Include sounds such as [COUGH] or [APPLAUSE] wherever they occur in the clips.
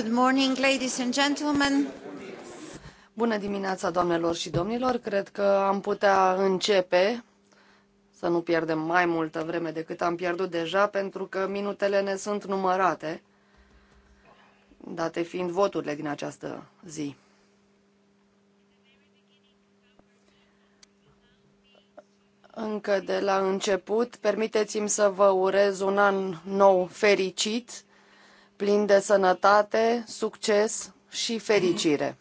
Good morning, ladies and gentlemen. Bună dimineața, doamnelor și domnilor. Cred că am putea începe să nu pierdem mai multă vreme decât am pierdut deja, pentru că minutele ne sunt numărate, date fiind voturile din această zi. Încă de la început, permiteți-mi să vă urez un an nou fericit plin de sănătate, succes și fericire.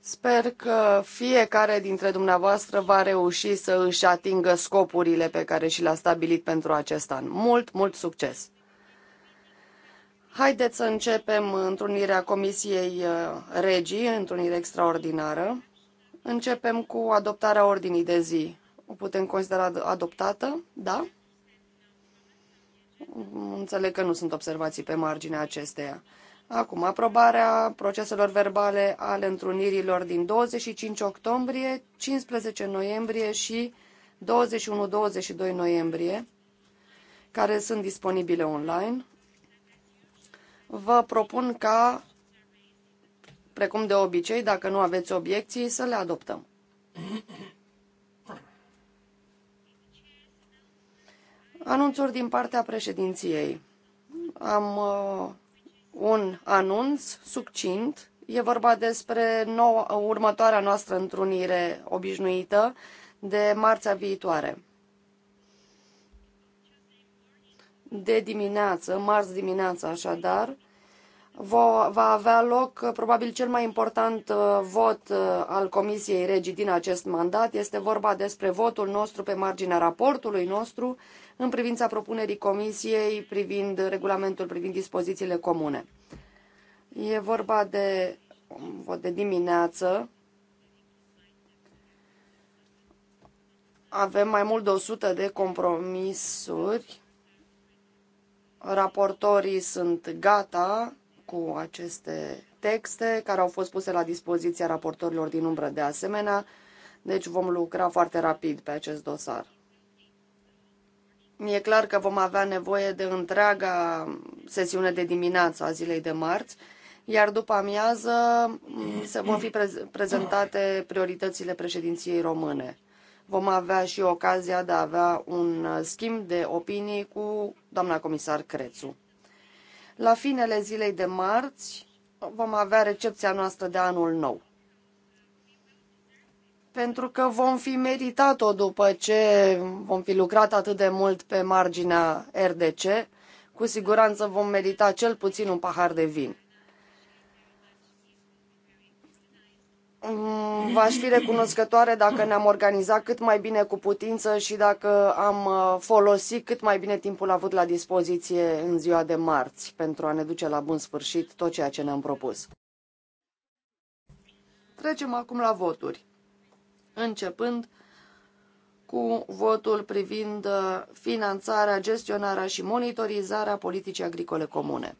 Sper că fiecare dintre dumneavoastră va reuși să își atingă scopurile pe care și le-a stabilit pentru acest an. Mult, mult succes! Haideți să începem întrunirea Comisiei uh, Regii, întrunire extraordinară. Începem cu adoptarea ordinii de zi. O putem considera adoptată? Da? Înțeleg că nu sunt observații pe marginea acesteia. Acum, aprobarea proceselor verbale ale întrunirilor din 25 octombrie, 15 noiembrie și 21-22 noiembrie, care sunt disponibile online. Vă propun ca, precum de obicei, dacă nu aveți obiecții, să le adoptăm. Anunțuri din partea președinției. Am uh, un anunț succint. E vorba despre noua, următoarea noastră întrunire obișnuită de marțea viitoare. De dimineață, marți dimineață așadar, va avea loc uh, probabil cel mai important uh, vot uh, al Comisiei Regii din acest mandat. Este vorba despre votul nostru pe marginea raportului nostru în privința propunerii Comisiei privind regulamentul privind dispozițiile comune. E vorba de vot de dimineață. Avem mai mult de 100 de compromisuri. Raportorii sunt gata cu aceste texte care au fost puse la dispoziția raportorilor din umbră de asemenea, deci vom lucra foarte rapid pe acest dosar. E clar că vom avea nevoie de întreaga sesiune de dimineață a zilei de marți, iar după amiază mm, se vor fi prezentate prioritățile președinției române. Vom avea și ocazia de a avea un schimb de opinii cu doamna comisar Crețu. La finele zilei de marți vom avea recepția noastră de anul nou pentru că vom fi meritat-o după ce vom fi lucrat atât de mult pe marginea RDC. Cu siguranță vom merita cel puțin un pahar de vin. Mm, v-aș fi recunoscătoare dacă ne-am organizat cât mai bine cu putință și dacă am uh, folosit cât mai bine timpul avut la dispoziție în ziua de marți pentru a ne duce la bun sfârșit tot ceea ce ne-am propus. Trecem acum la voturi începând cu votul privind uh, finanțarea, gestionarea și monitorizarea politicii agricole comune.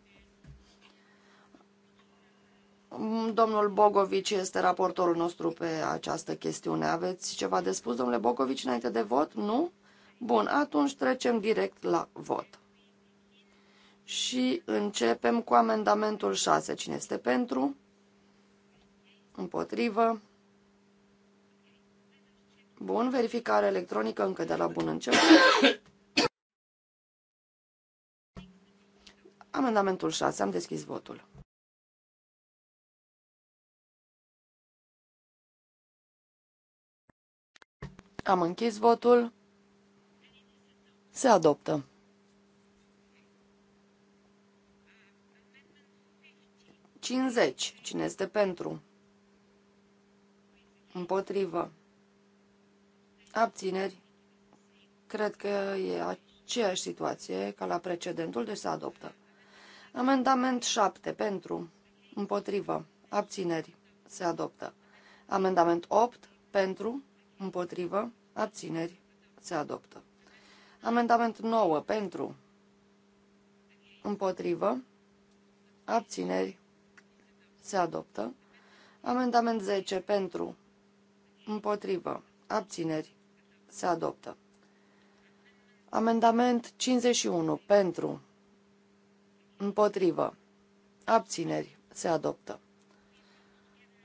Mm, domnul Bogovici este raportorul nostru pe această chestiune. Aveți ceva de spus, domnule Bogovici, înainte de vot? Nu? Bun, atunci trecem direct la vot. Și începem cu amendamentul 6. Cine este pentru? Împotrivă? Bun, verificare electronică încă de la bun început. Amendamentul 6. Am deschis votul. Am închis votul. Se adoptă. Cincizeci. Cine este pentru? Împotrivă abțineri, cred că e aceeași situație ca la precedentul, deci se adoptă. Amendament 7 pentru, împotrivă, abțineri, se adoptă. Amendament 8 pentru, împotrivă, abțineri, se adoptă. Amendament 9 pentru, împotrivă, abțineri, se adoptă. Amendament 10 pentru, împotrivă, abțineri, se adoptă. Amendament 51. Pentru. Împotrivă. Abțineri. Se adoptă.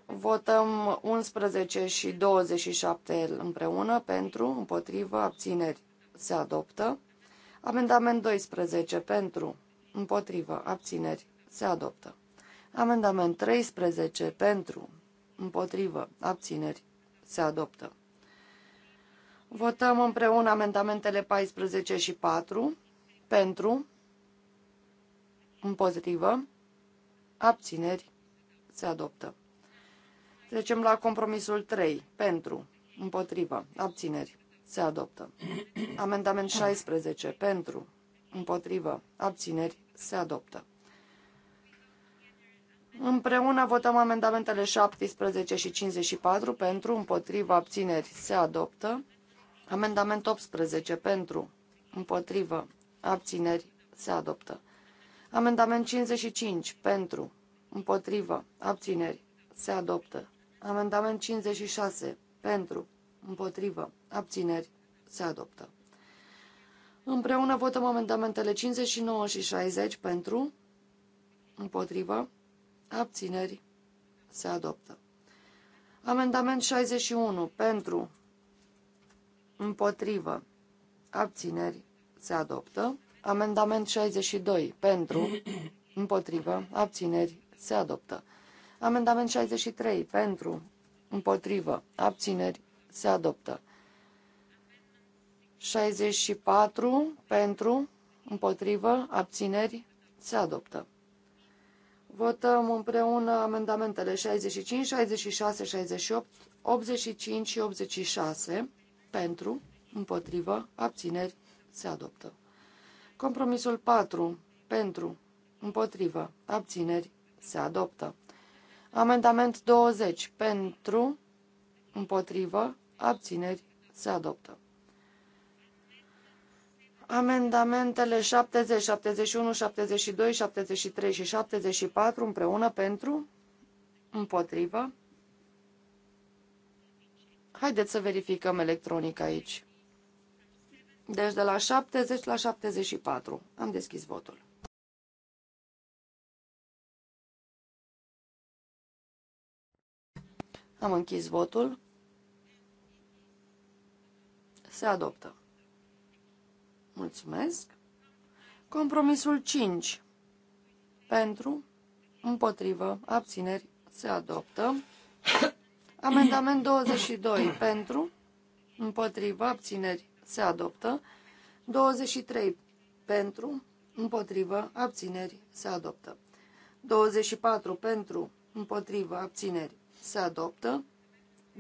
Votăm 11 și 27 împreună. Pentru. Împotrivă. Abțineri. Se adoptă. Amendament 12. Pentru. Împotrivă. Abțineri. Se adoptă. Amendament 13. Pentru. Împotrivă. Abțineri. Se adoptă. Votăm împreună amendamentele 14 și 4 pentru, împotrivă, abțineri, se adoptă. Trecem la compromisul 3, pentru, împotrivă, abțineri, se adoptă. Amendament 16, pentru, împotrivă, abțineri, se adoptă. Împreună votăm amendamentele 17 și 54 pentru, împotriva, abțineri, se adoptă. Amendament 18 pentru, împotrivă, abțineri, se adoptă. Amendament 55 pentru, împotrivă, abțineri, se adoptă. Amendament 56 pentru, împotrivă, abțineri, se adoptă. Împreună votăm amendamentele 59 și 60 pentru, împotrivă, abțineri, se adoptă. Amendament 61 pentru, Împotrivă. Abțineri. Se adoptă. Amendament 62. Pentru. Împotrivă. Abțineri. Se adoptă. Amendament 63. Pentru. Împotrivă. Abțineri. Se adoptă. 64. Pentru. Împotrivă. Abțineri. Se adoptă. Votăm împreună amendamentele 65, 66, 68, 85 și 86 pentru, împotrivă, abțineri, se adoptă. Compromisul 4, pentru, împotrivă, abțineri, se adoptă. Amendament 20, pentru, împotrivă, abțineri, se adoptă. Amendamentele 70, 71, 72, 73 și 74 împreună pentru, împotrivă, Haideți să verificăm electronic aici. Deci de la 70 la 74. Am deschis votul. Am închis votul. Se adoptă. Mulțumesc. Compromisul 5. Pentru, împotrivă, abțineri, se adoptă. Amendament 22 pentru, împotrivă, abțineri, se adoptă. 23 pentru, împotrivă, abțineri, se adoptă. 24 pentru, împotrivă, abțineri, se adoptă.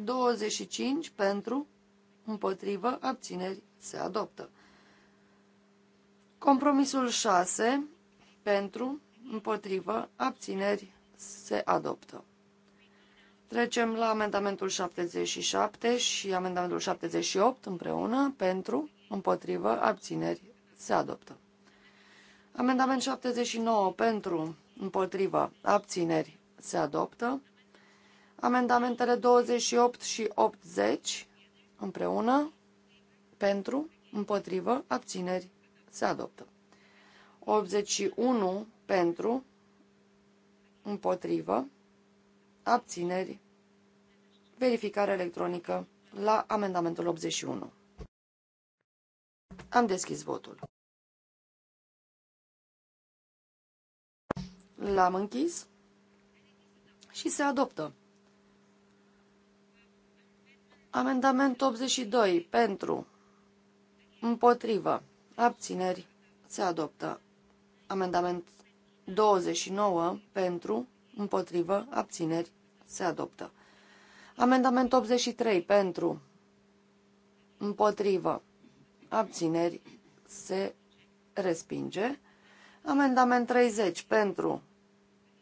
25 pentru, împotrivă, abțineri, se adoptă. Compromisul 6 pentru, împotrivă, abțineri, se adoptă. Trecem la amendamentul 77 și amendamentul 78 împreună, pentru, împotrivă, abțineri, se adoptă. Amendament 79 pentru, împotrivă, abțineri, se adoptă. Amendamentele 28 și 80 împreună, pentru, împotrivă, abțineri, se adoptă. 81 pentru, împotrivă, abțineri, verificare electronică la amendamentul 81. Am deschis votul. L-am închis și se adoptă. Amendament 82. Pentru. Împotrivă. Abțineri. Se adoptă. Amendament 29. Pentru împotrivă, abțineri, se adoptă. Amendament 83 pentru, împotrivă, abțineri, se respinge. Amendament 30 pentru,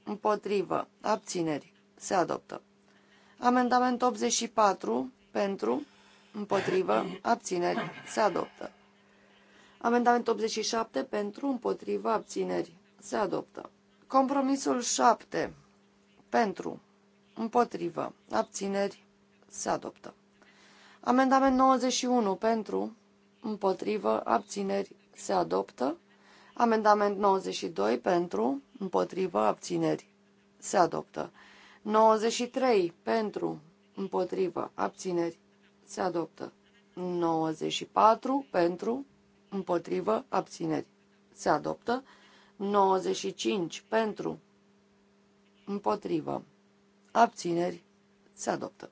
împotrivă, abțineri, se adoptă. Amendament 84 pentru, împotrivă, abțineri, se adoptă. Amendament 87 pentru, împotrivă, abțineri, se adoptă. Compromisul 7 pentru. Împotrivă. Abțineri. Se adoptă. Amendament 91. Pentru. Împotrivă. Abțineri. Se adoptă. Amendament 92. Pentru. Împotrivă. Abțineri. Se adoptă. 93. Pentru. Împotrivă. Abțineri. Se adoptă. 94. Pentru. Împotrivă. Abțineri. Se adoptă. 95. Pentru. Împotrivă. Abțineri. Se adoptă.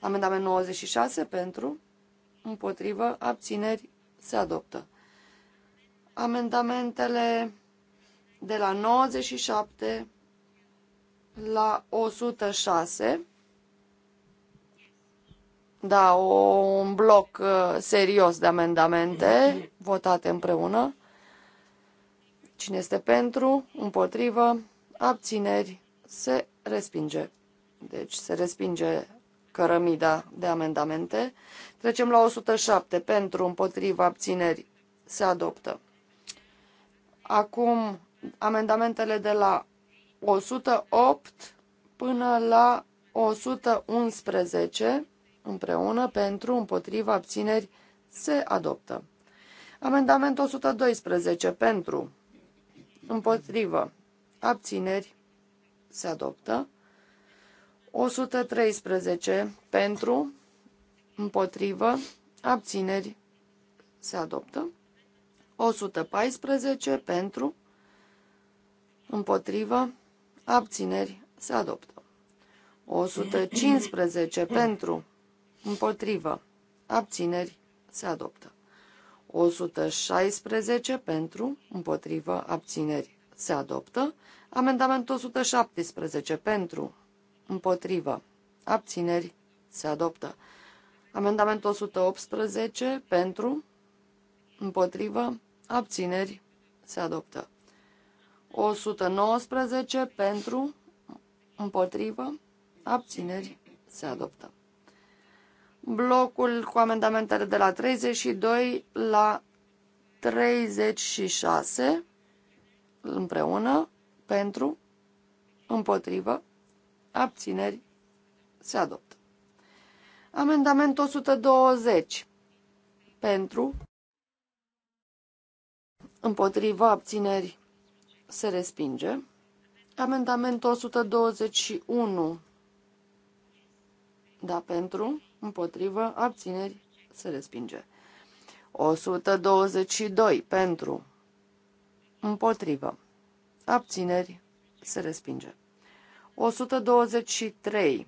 Amendament 96 pentru. Împotrivă. Abțineri. Se adoptă. Amendamentele de la 97 la 106. Da, o, un bloc uh, serios de amendamente [COUGHS] votate împreună. Cine este pentru, împotrivă, abțineri, se respinge. Deci se respinge cărămida de amendamente. Trecem la 107. Pentru, împotriva, abțineri se adoptă. Acum, amendamentele de la 108 până la 111 împreună pentru, împotriva, abțineri se adoptă. Amendament 112 pentru, împotrivă, abțineri se adoptă. 113 pentru, împotrivă, abțineri, se adoptă. 114 pentru, împotrivă, abțineri, se adoptă. 115 [COUGHS] pentru, împotrivă, abțineri, se adoptă. 116 pentru, împotrivă, abțineri, se adoptă. Amendamentul 117 pentru, împotrivă, abțineri, se adoptă. Amendamentul 118 pentru, împotrivă, abțineri, se adoptă. 119 pentru, împotrivă, abțineri, se adoptă. Blocul cu amendamentele de la 32 la 36 împreună pentru, împotrivă, abțineri, se adoptă. Amendament 120, pentru, împotrivă, abțineri, se respinge. Amendament 121, da, pentru, împotrivă, abțineri, se respinge. 122, pentru, împotrivă, abțineri, se respinge. 123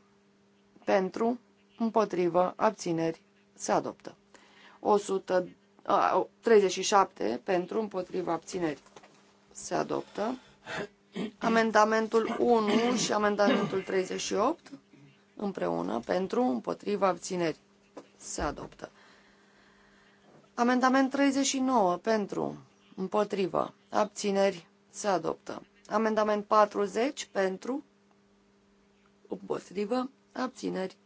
pentru, împotrivă, abțineri, se adoptă. 137 pentru, împotrivă, abțineri, se adoptă. Amendamentul 1 și amendamentul 38 împreună pentru, împotriva, abțineri. Se adoptă. Amendament 39 pentru, împotrivă, abțineri. Se adoptă. Amendament 40 pentru, împotrivă, abțineri,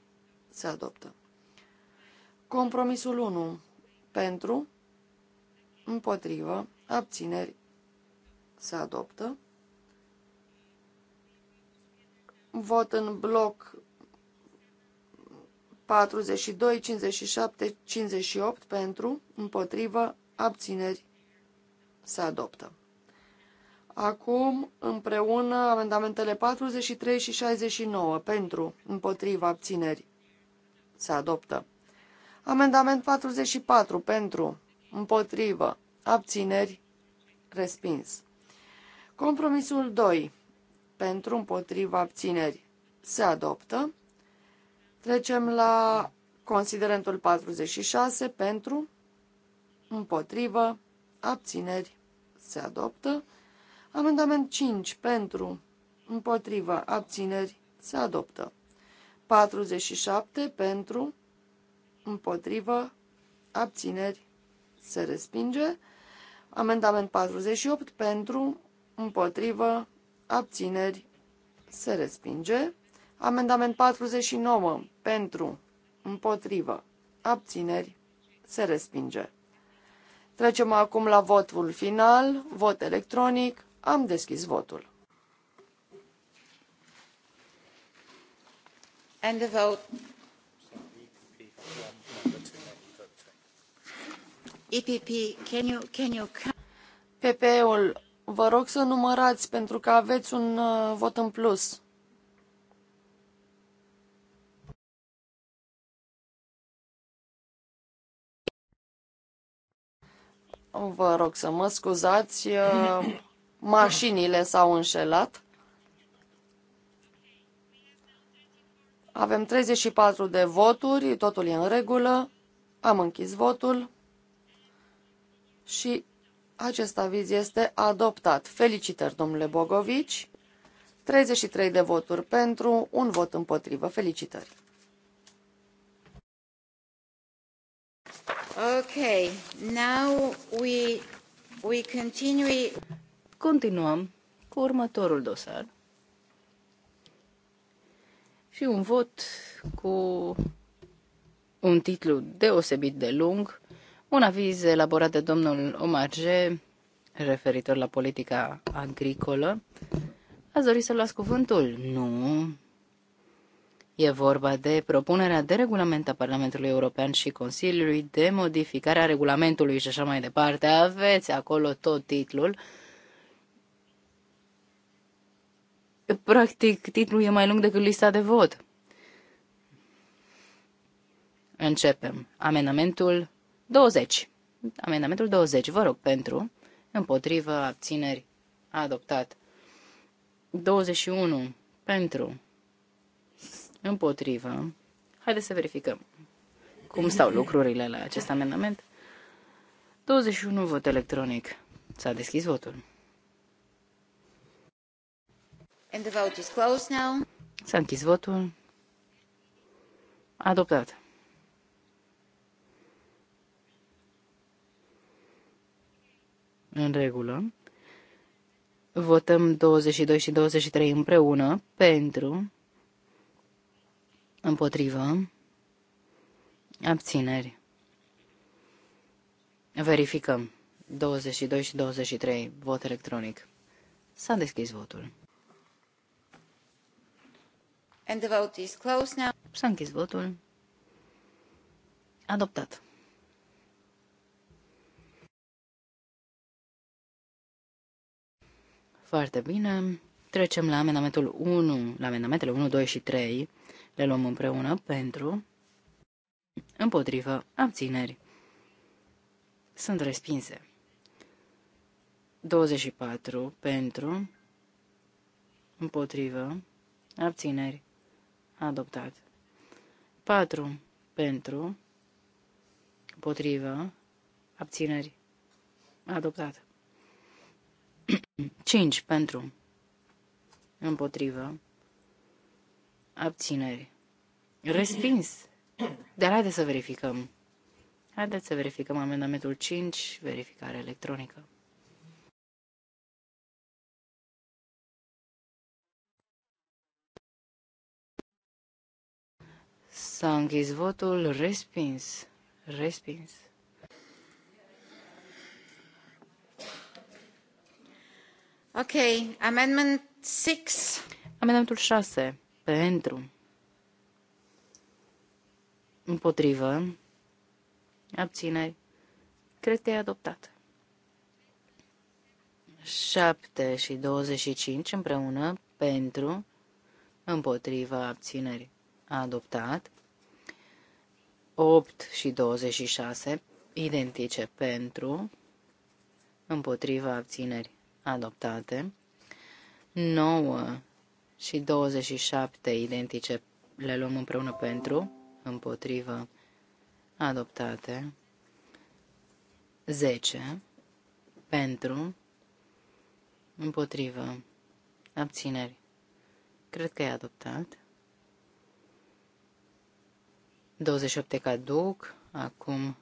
se adoptă. Compromisul 1 pentru, împotrivă, abțineri, se adoptă. Vot în bloc 42, 57, 58 pentru, împotrivă, abțineri, se adoptă. Acum, împreună, amendamentele 43 și 69 pentru, împotriva, abțineri. Se adoptă. Amendament 44 pentru, împotrivă, abțineri, respins. Compromisul 2 pentru, împotriva, abțineri. Se adoptă. Trecem la considerentul 46 pentru, împotrivă, abțineri. Se adoptă. Amendament 5 pentru, împotriva abțineri, se adoptă. 47 pentru, împotrivă, abțineri, se respinge. Amendament 48 pentru, împotrivă, abțineri, se respinge. Amendament 49 pentru, împotrivă, abțineri, se respinge. Trecem acum la votul final, vot electronic. Am deschis votul. And the vote. EPP, can you, can you... PP-ul, vă rog să numărați pentru că aveți un uh, vot în plus. Vă rog să mă scuzați. Uh, mașinile s-au înșelat. Avem 34 de voturi, totul e în regulă. Am închis votul și acest aviz este adoptat. Felicitări, domnule Bogovici. 33 de voturi pentru, un vot împotrivă. Felicitări. Ok, now we, we continue... Continuăm cu următorul dosar. Și un vot cu un titlu deosebit de lung, un aviz elaborat de domnul Omarge referitor la politica agricolă. Ați dori să luați cuvântul? Nu. E vorba de propunerea de regulament a Parlamentului European și Consiliului de modificare a regulamentului și așa mai departe. Aveți acolo tot titlul. practic, titlul e mai lung decât lista de vot. Începem. Amendamentul 20. Amendamentul 20, vă rog, pentru, împotrivă, abțineri, adoptat. 21, pentru, împotrivă. Haideți să verificăm cum stau lucrurile la acest amendament. 21, vot electronic. S-a deschis votul. And the vote is closed now. S-a închis votul. Adoptat. În regulă. Votăm 22 și 23 împreună pentru, împotrivă, abțineri. Verificăm. 22 și 23. Vot electronic. S-a deschis votul. And the vote is closed now. S-a închis votul. Adoptat. Foarte bine. Trecem la amendamentul 1, la amendamentele 1, 2 și 3. Le luăm împreună pentru, împotrivă, abțineri. Sunt respinse. 24 pentru, împotrivă, abțineri adoptat. 4 pentru, potrivă, abțineri, adoptat. 5 [CLEARS THROAT] pentru, împotrivă, abțineri, respins. Dar haideți să verificăm. Haideți să verificăm amendamentul 5, verificare electronică. S-a închis votul, respins, respins. Ok, amendment 6. Amendamentul 6. Pentru. Împotrivă. Abțineri. Cred că e adoptat. 7 și 25 împreună pentru, împotriva abțineri adoptat, 8 și 26, identice pentru, împotriva abțineri adoptate, 9 și 27, identice, le luăm împreună pentru, împotriva adoptate, 10 pentru, împotriva abțineri. Cred că e adoptat. 28 caduc, acum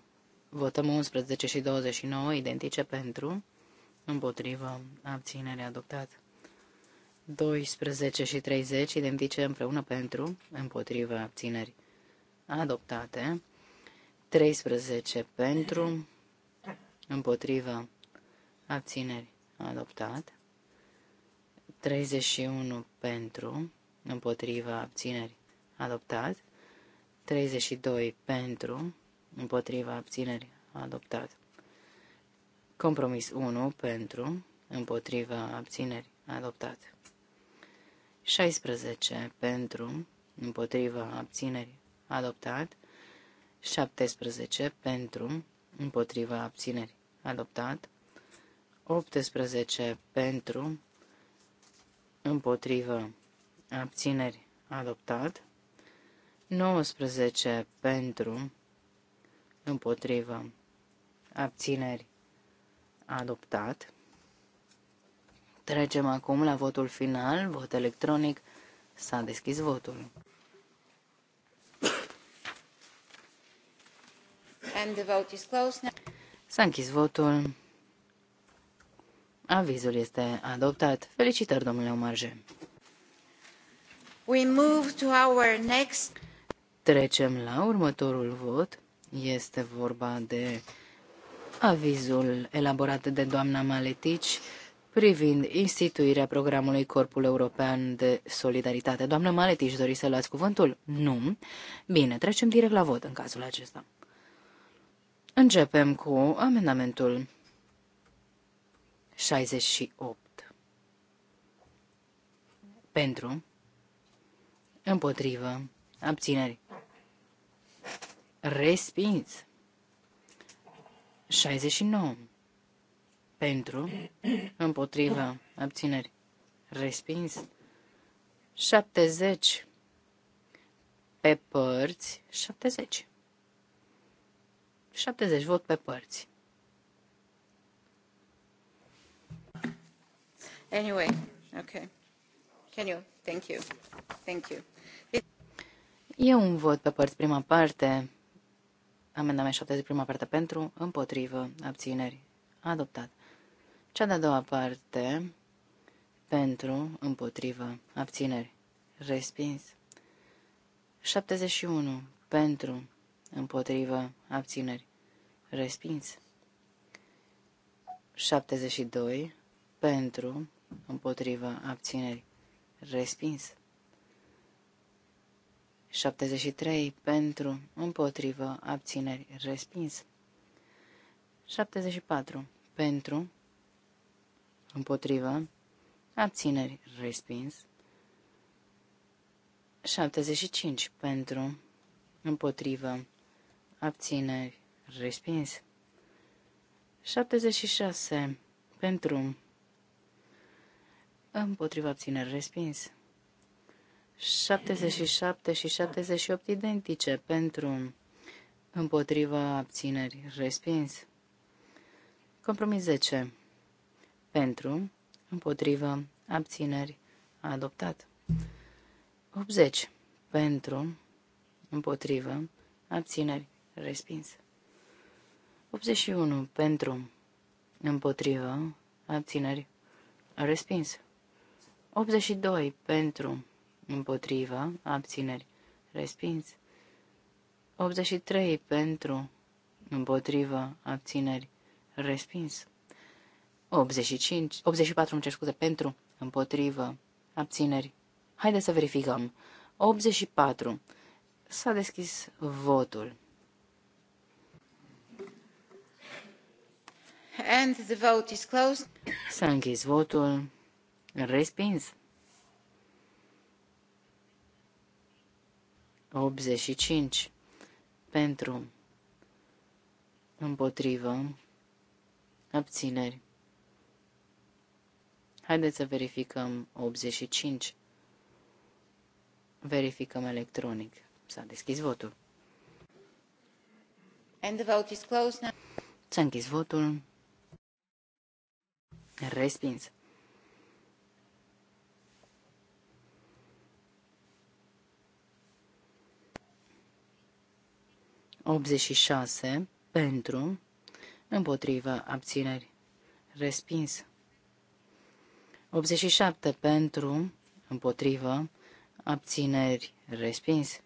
votăm 11 și 29 identice pentru, împotrivă, abținere adoptat. 12 și 30 identice împreună pentru, împotrivă, abțineri adoptate. 13 pentru, împotrivă, abțineri adoptat. 31 pentru, împotrivă, abțineri adoptat. 32 pentru, împotriva abțineri adoptat. Compromis 1 pentru, împotriva abțineri adoptat. 16 pentru, împotriva abțineri adoptat. 17 pentru, împotriva abțineri adoptat. 18 pentru, împotriva abțineri adoptat. 19 pentru, împotrivă, abțineri, adoptat. Trecem acum la votul final, vot electronic. S-a deschis votul. And the vote is closed now. S-a închis votul. Avizul este adoptat. Felicitări, domnule Omarje. We move to our next Trecem la următorul vot. Este vorba de avizul elaborat de doamna Maletici privind instituirea programului Corpul European de Solidaritate. Doamna Maletici, doriți să luați cuvântul? Nu. Bine, trecem direct la vot în cazul acesta. Începem cu amendamentul 68. Pentru, împotrivă, abțineri. Respins. 69. Pentru, împotriva, abțineri. Respins. 70. Pe părți, 70. 70 vot pe părți. Anyway, okay. Can you? Thank you. Thank you. E un vot pe părți, prima parte, amendament 70, prima parte pentru, împotrivă, abțineri, adoptat. Cea de-a doua parte, pentru, împotrivă, abțineri, respins. 71, pentru, împotrivă, abțineri, respins. 72, pentru, împotrivă, abțineri, respins. 73 pentru, împotrivă, abțineri, respins. 74 pentru, împotrivă, abțineri, respins. 75 pentru, împotrivă, abțineri, respins. 76 pentru, împotrivă, abțineri, respins. 77 și 78 identice pentru împotriva abțineri respins. Compromis 10 pentru împotriva abțineri adoptat. 80 pentru împotriva abțineri respins. 81 pentru împotriva abțineri respins. 82 pentru împotrivă, abțineri, respins. 83 pentru, împotrivă, abțineri, respins. 85, 84, îmi cer scuze, pentru, împotrivă, abțineri. Haideți să verificăm. 84. S-a deschis votul. And the vote is closed. S-a închis votul. Respins. 85 pentru împotrivă abțineri. Haideți să verificăm 85. Verificăm electronic. S-a deschis votul. And the vote is closed now. S-a închis votul. Respins. 86 pentru, împotrivă, abțineri, respins. 87 pentru, împotrivă, abțineri, respins.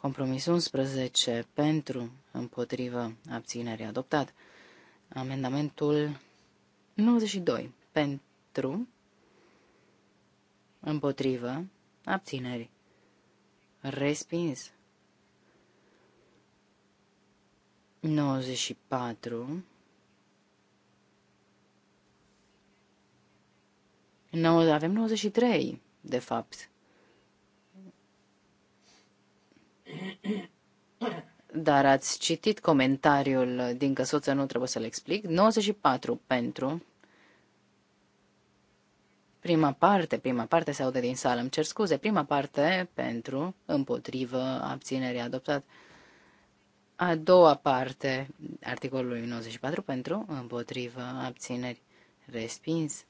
Compromis 11 pentru, împotrivă, abțineri, adoptat. Amendamentul 92 pentru, împotrivă, abțineri, respins. 94 9, avem 93, de fapt. Dar ați citit comentariul din căsuță, nu trebuie să-l explic. 94 pentru prima parte, prima parte se aude din sală, îmi cer scuze, prima parte pentru, împotrivă, abținere adoptat. A doua parte, articolului 94 pentru, împotrivă, abțineri, respins.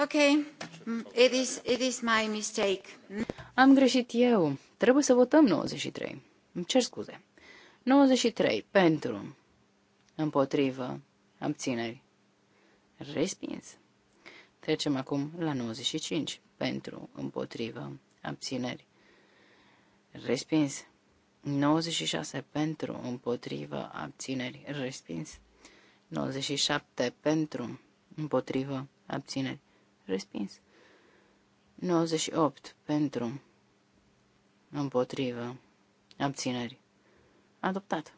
Ok, it is, it is my mistake. Am greșit eu. Trebuie să votăm 93. Îmi cer scuze. 93 pentru, împotrivă, abțineri, respins. Trecem acum la 95, pentru, împotrivă, abțineri, respins. 96 pentru, împotrivă, abțineri, respins. 97 pentru, împotrivă, abțineri, respins. 98 pentru, împotrivă, abțineri, adoptat.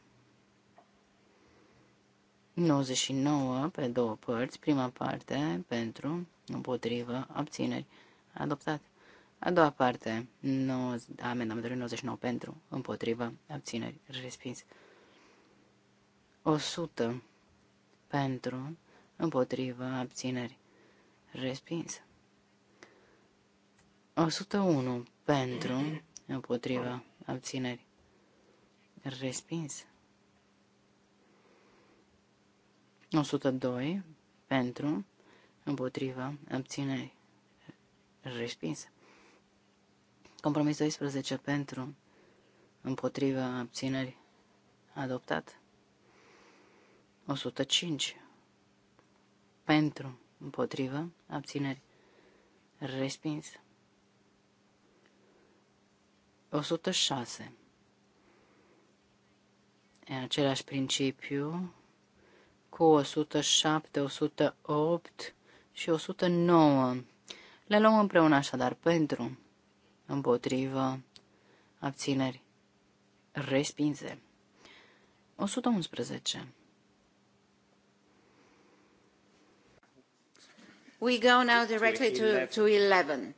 99 pe două părți, prima parte pentru, împotrivă, abțineri, adoptat. A doua parte, 9, amendamentul 99 pentru, împotrivă, abțineri, respins. 100 pentru, împotrivă, abțineri, respins. 101 pentru, împotrivă, abțineri, respins. 102 pentru, împotriva, abțineri, respins. Compromis 12 pentru, împotriva, abțineri, adoptat. 105 pentru, împotriva, abțineri, respins. 106 e același principiu cu 107, 108 și 109. Le luăm împreună așadar pentru, împotrivă, abțineri, respinse. 111. We go now directly to, to 11.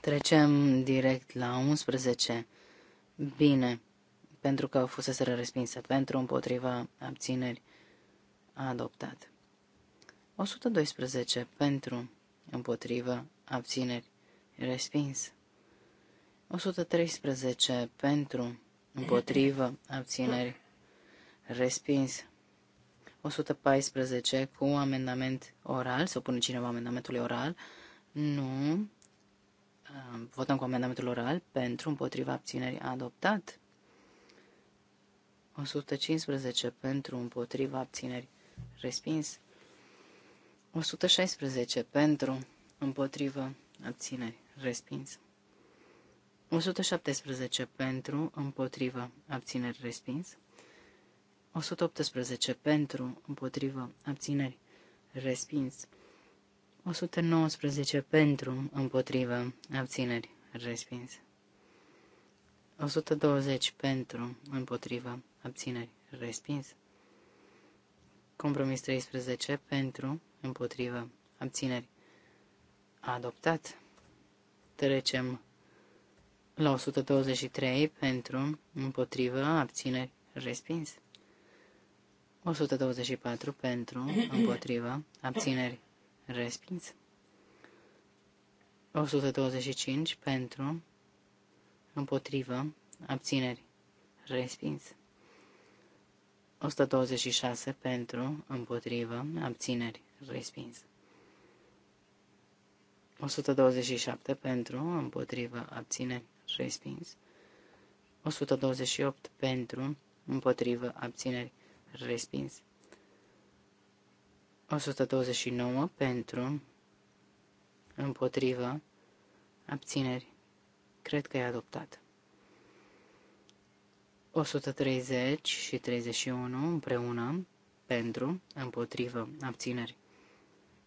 Trecem direct la 11. Bine, pentru că fusese respinse. Pentru, împotriva, abțineri, adoptat. 112 pentru, împotrivă, abțineri, respins. 113 pentru, împotrivă, abțineri, respins. 114 cu amendament oral, să opune cineva amendamentul oral, nu, votăm cu amendamentul oral, pentru, împotriva, abțineri, adoptat. 115 pentru, împotriva, abțineri, respins. 116 pentru, împotrivă, abțineri, respins. 117 pentru, împotrivă, abțineri, respins. 118 pentru, împotrivă, abțineri, respins. 119 pentru, împotrivă, abțineri, respins. 120 pentru, împotrivă, abțineri, respins. Compromis 13 pentru, împotrivă, abțineri. Adoptat. Trecem la 123 pentru, împotrivă, abțineri, respins. 124 pentru, împotrivă, abțineri, respins. 125 pentru, împotrivă, abțineri, respins. 126 pentru, împotrivă, abțineri, respins. 127 pentru, împotrivă, abțineri, respins. 128 pentru, împotrivă, abțineri, respins. 129 pentru, împotrivă, abțineri. Cred că e adoptat. 130 și 31 împreună, pentru, împotrivă, abțineri,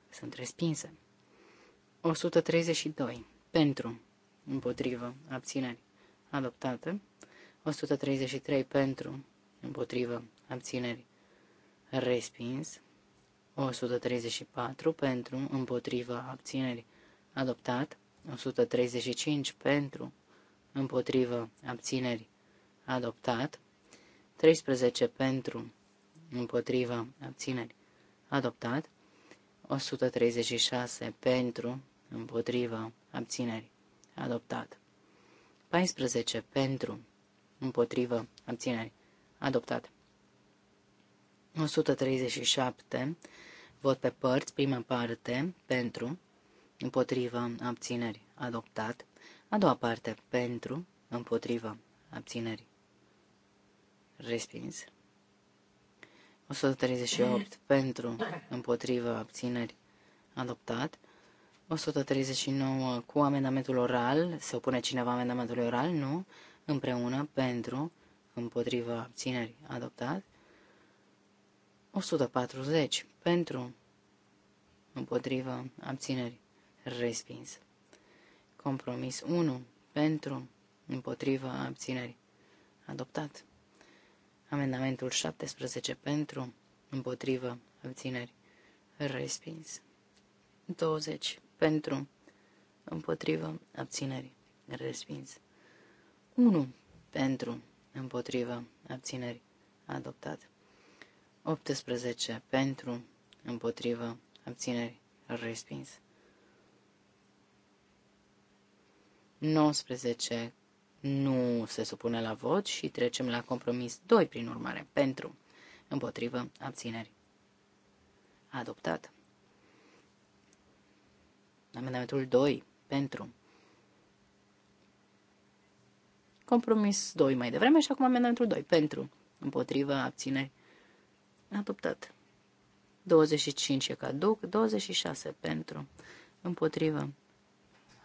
sunt respinse. 132, pentru, împotrivă, abțineri, adoptate. 133, pentru, împotrivă, abțineri, respins. 134, pentru, împotrivă, abțineri, adoptat. 135, pentru, împotrivă, abțineri, adoptat, 13 pentru, împotriva, abțineri, adoptat, 136 pentru, împotriva, abțineri, adoptat, 14 pentru, împotrivă, abțineri, adoptat. 137, vot pe părți, prima parte, pentru, împotrivă, abțineri, adoptat, a doua parte, pentru, împotrivă, abțineri, Respins. 138 pentru, împotrivă, abțineri, adoptat. 139 cu amendamentul oral, se opune cineva amendamentului oral? Nu. Împreună, pentru, împotrivă, abțineri, adoptat. 140 pentru, împotrivă, abțineri, respins. Compromis 1 pentru, împotrivă, abțineri, adoptat. Amendamentul 17 pentru, împotrivă, abțineri, respins. 20 pentru, împotrivă, abțineri, respins. 1 pentru, împotrivă, abțineri, adoptat. 18 pentru, împotrivă, abțineri, respins. 19 nu se supune la vot și trecem la compromis 2, prin urmare, pentru, împotrivă, abțineri. Adoptat. Amendamentul 2, pentru. Compromis 2 mai devreme și acum amendamentul 2, pentru, împotrivă, abțineri. Adoptat. 25 e caduc, 26 pentru, împotrivă,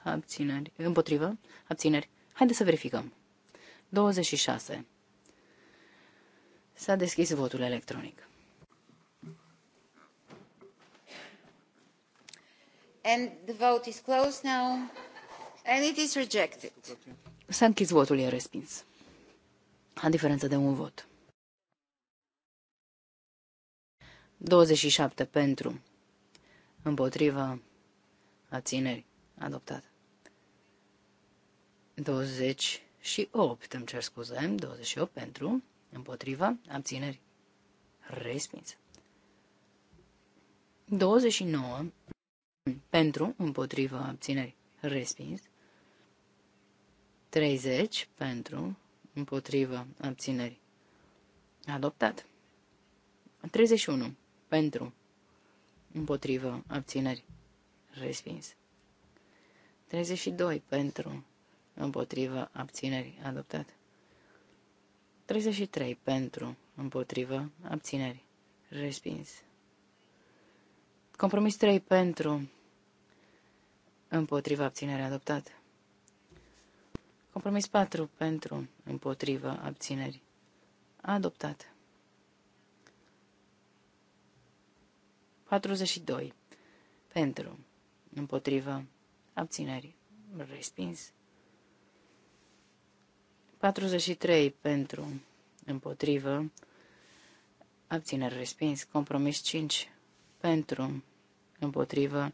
abțineri, împotrivă, abțineri, Haideți să verificăm. 26. S-a deschis votul electronic. And the vote is closed now. And it is rejected. S-a închis votul, e respins. A diferență de un vot. 27 pentru, împotriva, abțineri, adoptată. 28, îmi cer scuze, 28 pentru, împotriva, abțineri, respins. 29 pentru, împotriva, abțineri, respins. 30 pentru, împotriva, abțineri, adoptat. 31 pentru, împotriva, abțineri, respins. 32 pentru, împotrivă, abțineri, adoptat. 33. Pentru, împotrivă, abțineri, respins. Compromis 3. Pentru, împotrivă, abținere, adoptat. Compromis 4. Pentru, împotrivă, abțineri, adoptat. 42. Pentru, împotrivă, abțineri, respins. 43 pentru, împotrivă, abțineri respins. Compromis 5 pentru, împotrivă,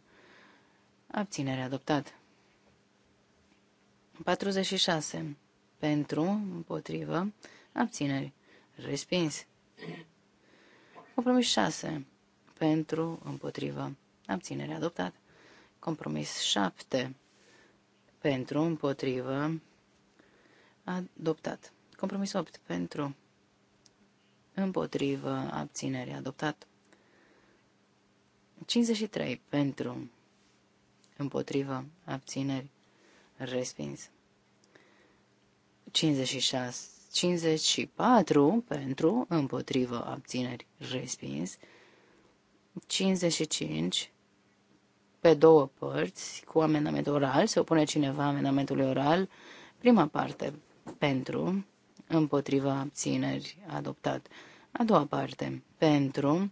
abținere adoptat. 46 pentru, împotrivă, abțineri respins. Compromis 6 pentru, împotrivă, abținere adoptat. Compromis 7 pentru, împotrivă, adoptat. Compromis 8 pentru, împotrivă, abținere, adoptat. 53 pentru, împotrivă, abțineri, respins. 56, 54 pentru, împotrivă, abțineri, respins. 55 pe două părți, cu amendament oral, se opune cineva amendamentului oral. Prima parte pentru, împotriva abțineri adoptat. A doua parte, pentru,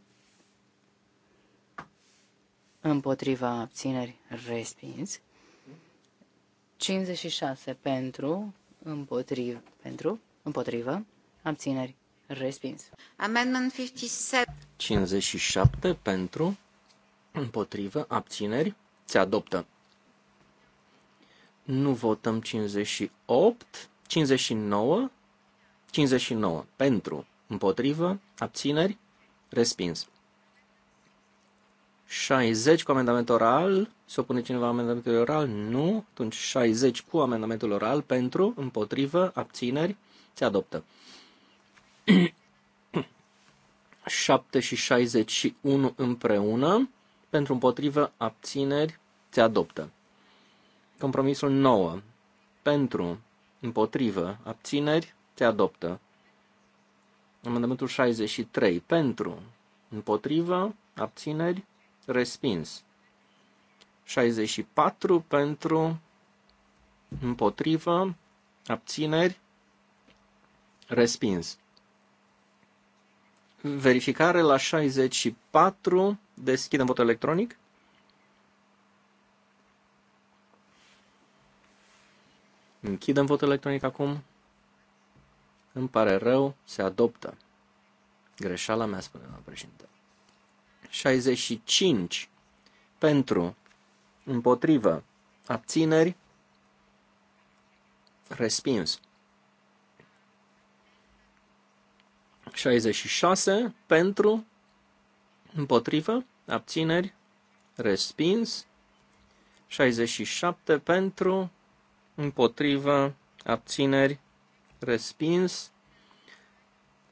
împotriva abțineri respins. 56 pentru, împotriva, pentru, împotriva, abțineri respins. Amendment 57. 57 pentru, împotriva, abțineri, se adoptă. Nu votăm 58, 59, 59 pentru, împotrivă, abțineri, respins. 60 cu amendament oral, se opune cineva amendamentul oral? Nu, atunci 60 cu amendamentul oral, pentru, împotrivă, abțineri, se adoptă. 7 [CLEARS THROAT] și 61 împreună, pentru împotrivă, abțineri, se adoptă. Compromisul 9, pentru, împotrivă, abțineri, te adoptă. Amendamentul 63, pentru, împotrivă, abțineri, respins. 64, pentru, împotrivă, abțineri, respins. Verificare la 64, deschidem votul electronic. Închidem votul electronic acum. Îmi pare rău, se adoptă. Greșeala mea, spune la președinte. 65 pentru, împotrivă, abțineri, respins. 66 pentru, împotrivă, abțineri, respins. 67 pentru, împotrivă, abțineri, respins.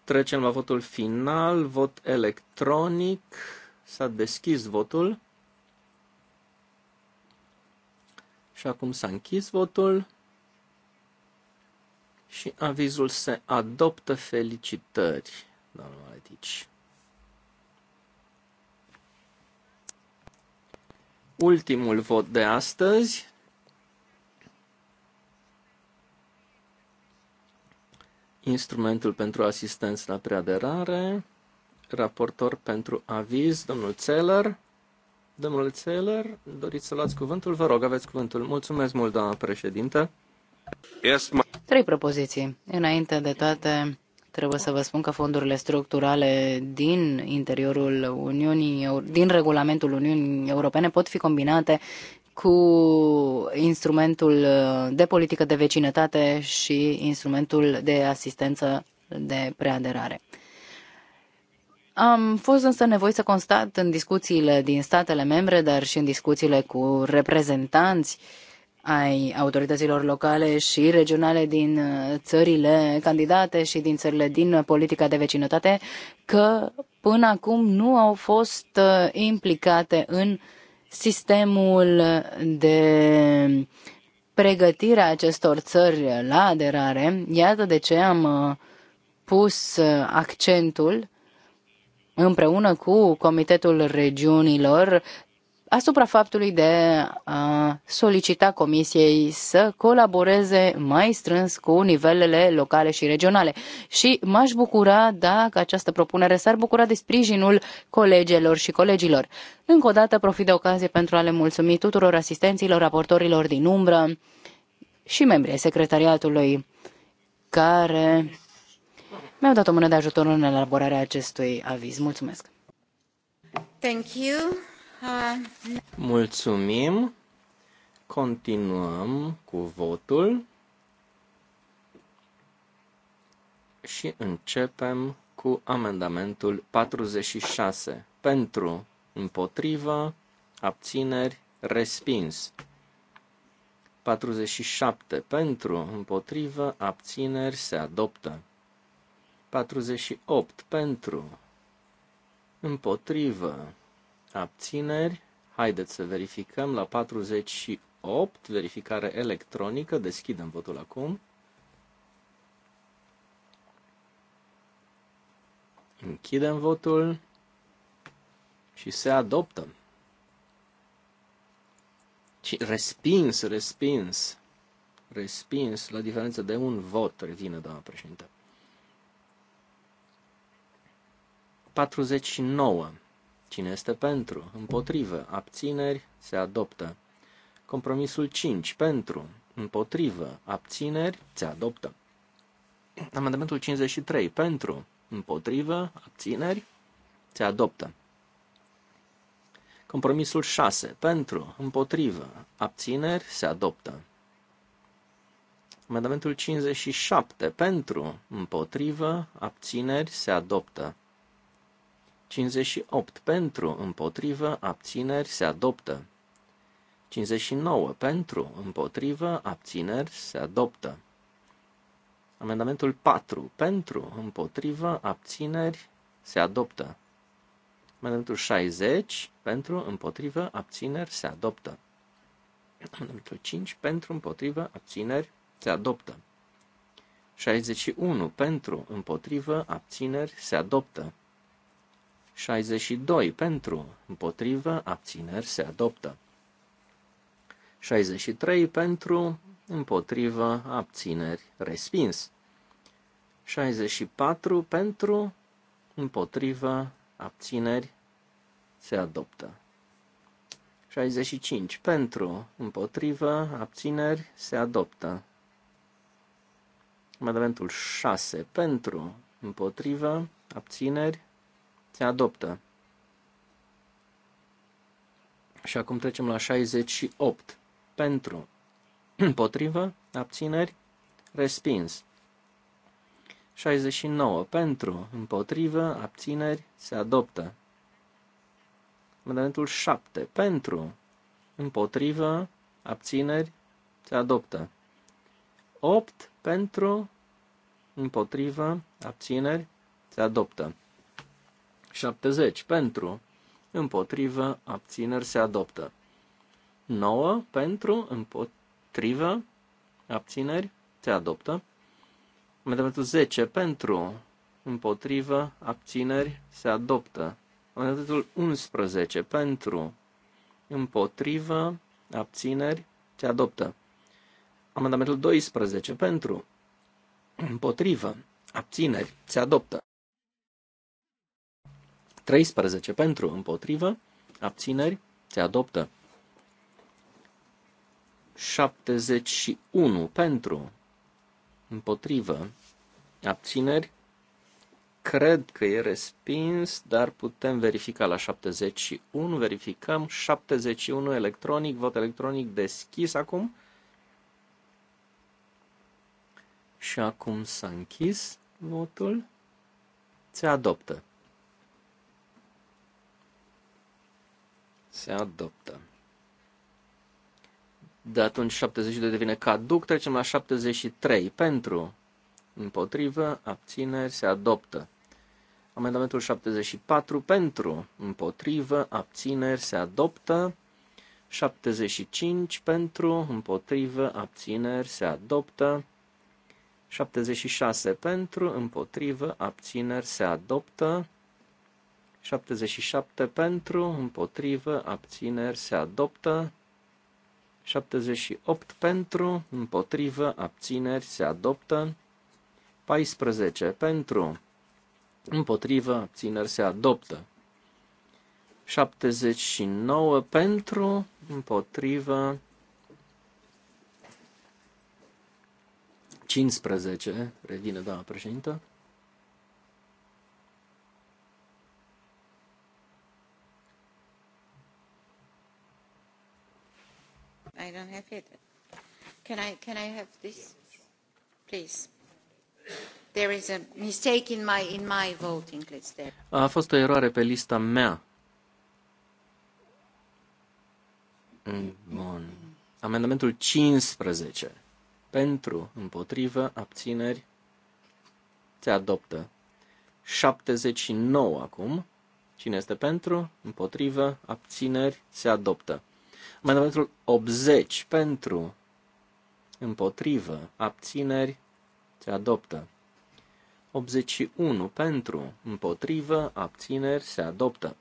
Trecem la votul final, vot electronic. S-a deschis votul. Și acum s-a închis votul. Și avizul se adoptă. Felicitări, doamna Maletici. Ultimul vot de astăzi, instrumentul pentru asistență la preaderare, raportor pentru aviz, domnul Țeler. Domnul Țeler, doriți să luați cuvântul? Vă rog, aveți cuvântul. Mulțumesc mult, doamna președintă. Trei propoziții. Înainte de toate, trebuie să vă spun că fondurile structurale din interiorul Uniunii, din regulamentul Uniunii Europene pot fi combinate cu instrumentul uh, de politică de vecinătate și instrumentul de asistență de preaderare. Am fost însă nevoi să constat în discuțiile din statele membre, dar și în discuțiile cu reprezentanți ai autorităților locale și regionale din uh, țările candidate și din țările din politica de vecinătate, că până acum nu au fost uh, implicate în uh, sistemul de pregătire a acestor țări la aderare. Iată de ce am uh, pus uh, accentul împreună cu Comitetul Regiunilor asupra faptului de a solicita Comisiei să colaboreze mai strâns cu nivelele locale și regionale. Și m-aș bucura dacă această propunere s-ar bucura de sprijinul colegelor și colegilor. Încă o dată profit de ocazie pentru a le mulțumi tuturor asistenților, raportorilor din umbră și membrii secretariatului care mi-au dat o mână de ajutor în elaborarea acestui aviz. Mulțumesc! Thank you. Mulțumim. Continuăm cu votul. Și începem cu amendamentul 46. Pentru, împotrivă, abțineri, respins. 47. Pentru, împotrivă, abțineri, se adoptă. 48. Pentru, împotrivă, abțineri. Haideți să verificăm la 48, verificare electronică, deschidem votul acum. Închidem votul și se adoptă. Și respins, respins, respins, la diferență de un vot, revine doamna președinte. 49. Cine este pentru? Împotrivă. Abțineri. Se adoptă. Compromisul 5. Pentru. Împotrivă. Abțineri. Se adoptă. Amendamentul 53. Pentru. Împotrivă. Abțineri. Se adoptă. Compromisul 6. Pentru. Împotrivă. Abțineri. Se adoptă. Amendamentul 57. Pentru. Împotrivă. Abțineri. Se adoptă. 58 pentru, împotrivă, abțineri, se adoptă. 59 pentru, împotrivă, abțineri, se adoptă. Amendamentul 4 pentru, împotrivă, abțineri, se adoptă. Amendamentul 60 pentru, împotrivă, abțineri, se adoptă. Amendamentul 5 pentru, împotrivă, abțineri, se adoptă. 61 pentru, împotrivă, abțineri, se adoptă. 62 pentru, împotrivă, abțineri se adoptă. 63 pentru, împotrivă, abțineri, respins. 64 pentru, împotrivă, abțineri, se adoptă. 65 pentru, împotrivă, abțineri, se adoptă. Amendamentul 6 pentru, împotrivă, abțineri, se adoptă. Și acum trecem la 68. Pentru. [CLEARS THROAT] Împotrivă. Abțineri. Respins. 69. Pentru. Împotrivă. Abțineri. Se adoptă. Amendamentul 7. Pentru. Împotrivă. Abțineri. Se adoptă. 8. Pentru. Împotrivă. Abțineri. Se adoptă. 70 pentru, împotrivă, abțineri se adoptă. 9 pentru, împotrivă, abțineri se adoptă. Amendamentul 10 pentru, împotrivă, abțineri se adoptă. Amendamentul 11 pentru, împotrivă, abțineri se adoptă. Amendamentul 12 pentru, împotrivă, abțineri se adoptă. 13 pentru, împotrivă, abțineri, se adoptă. 71 pentru, împotrivă, abțineri, cred că e respins, dar putem verifica la 71, verificăm 71 electronic, vot electronic deschis acum. Și acum s-a închis votul. Se adoptă. Se adoptă. De atunci 72 devine caduc, trecem la 73. Pentru, împotrivă, abțineri, se adoptă. Amendamentul 74 pentru, împotrivă, abțineri, se adoptă. 75 pentru, împotrivă, abțineri, se adoptă. 76 pentru, împotrivă, abțineri, se adoptă. 77 pentru, împotrivă, abțineri, se adoptă. 78 pentru, împotrivă, abțineri, se adoptă. 14 pentru, împotrivă, abțineri, se adoptă. 79 pentru, împotrivă, 15, revine, da, președintă, I don't have it. Can I, can I have this? Please. There is a mistake in my, in my voting list there. A fost o eroare pe lista mea. Mm, bun. Amendamentul 15. Pentru, împotrivă, abțineri, se adoptă. 79 acum. Cine este pentru, împotrivă, abțineri, se adoptă. Amendamentul 80 pentru, împotrivă, abțineri, se adoptă. 81 pentru, împotrivă, abțineri, se adoptă.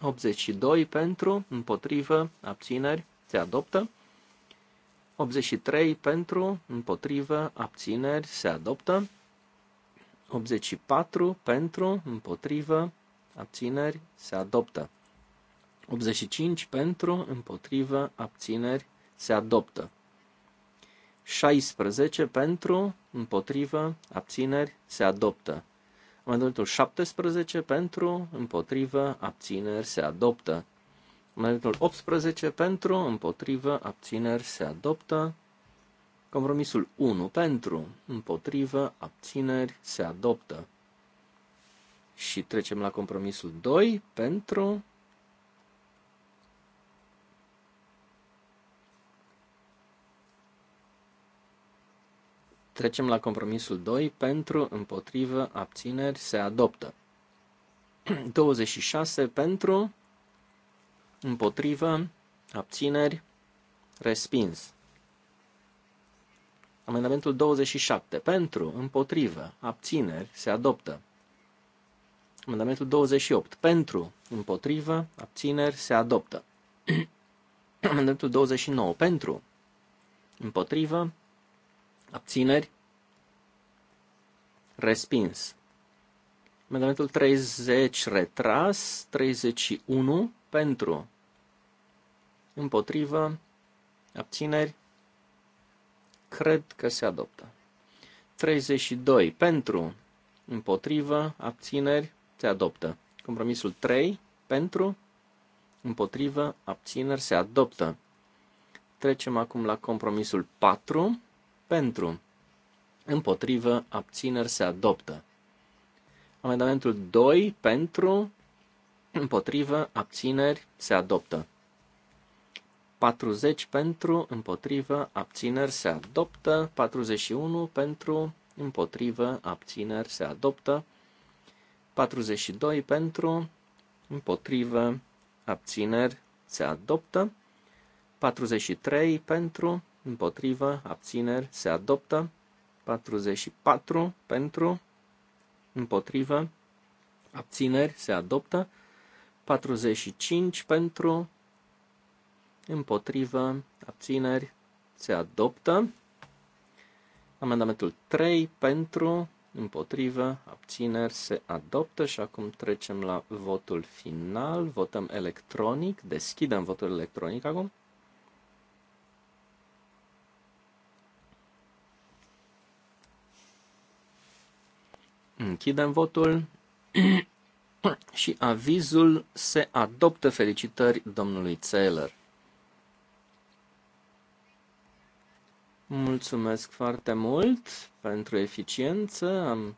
82 pentru, împotrivă, abțineri, se adoptă. 83 pentru, împotrivă, abțineri, se adoptă. 84 pentru, împotrivă, abțineri, se adoptă. 85 pentru, împotrivă, abțineri, se adoptă. 16 pentru, împotrivă, abțineri, se adoptă. Amendamentul 17 pentru, împotrivă, abțineri, se adoptă. Amendamentul 18 pentru, împotrivă, abțineri, se adoptă. Compromisul 1 pentru, împotrivă, abțineri, se adoptă. Și trecem la compromisul 2 pentru, Trecem la compromisul 2. Pentru, împotrivă, abțineri se adoptă. 26 [CLEARS THROAT] pentru, împotrivă, abțineri, respins. Amendamentul 27 pentru, împotrivă, abțineri se adoptă. Amendamentul 28 pentru, împotrivă, abțineri se adoptă. [CLEARS THROAT] Amendamentul 29 pentru, împotrivă, Abțineri? Respins. Amendamentul 30 retras, 31 pentru, împotrivă, abțineri, cred că se adoptă. 32 pentru, împotrivă, abțineri, se adoptă. Compromisul 3 pentru, împotrivă, abțineri, se adoptă. Trecem acum la compromisul 4 pentru, împotrivă, abțineri se adoptă. Amendamentul 2 pentru, împotrivă, abțineri se adoptă. 40 pentru, împotrivă, abțineri se adoptă. 41 pentru, împotrivă, abțineri se adoptă. 42 pentru, împotrivă, abțineri se adoptă. 43 pentru, împotrivă, abțineri, se adoptă. 44 pentru, împotrivă, abțineri, se adoptă. 45 pentru, împotrivă, abțineri, se adoptă. Amendamentul 3 pentru, împotrivă, abțineri, se adoptă și acum trecem la votul final. Votăm electronic, deschidem votul electronic acum. Închidem votul [CLEARS THROAT] și avizul se adoptă. Felicitări domnului Zeller. Mulțumesc foarte mult pentru eficiență. Am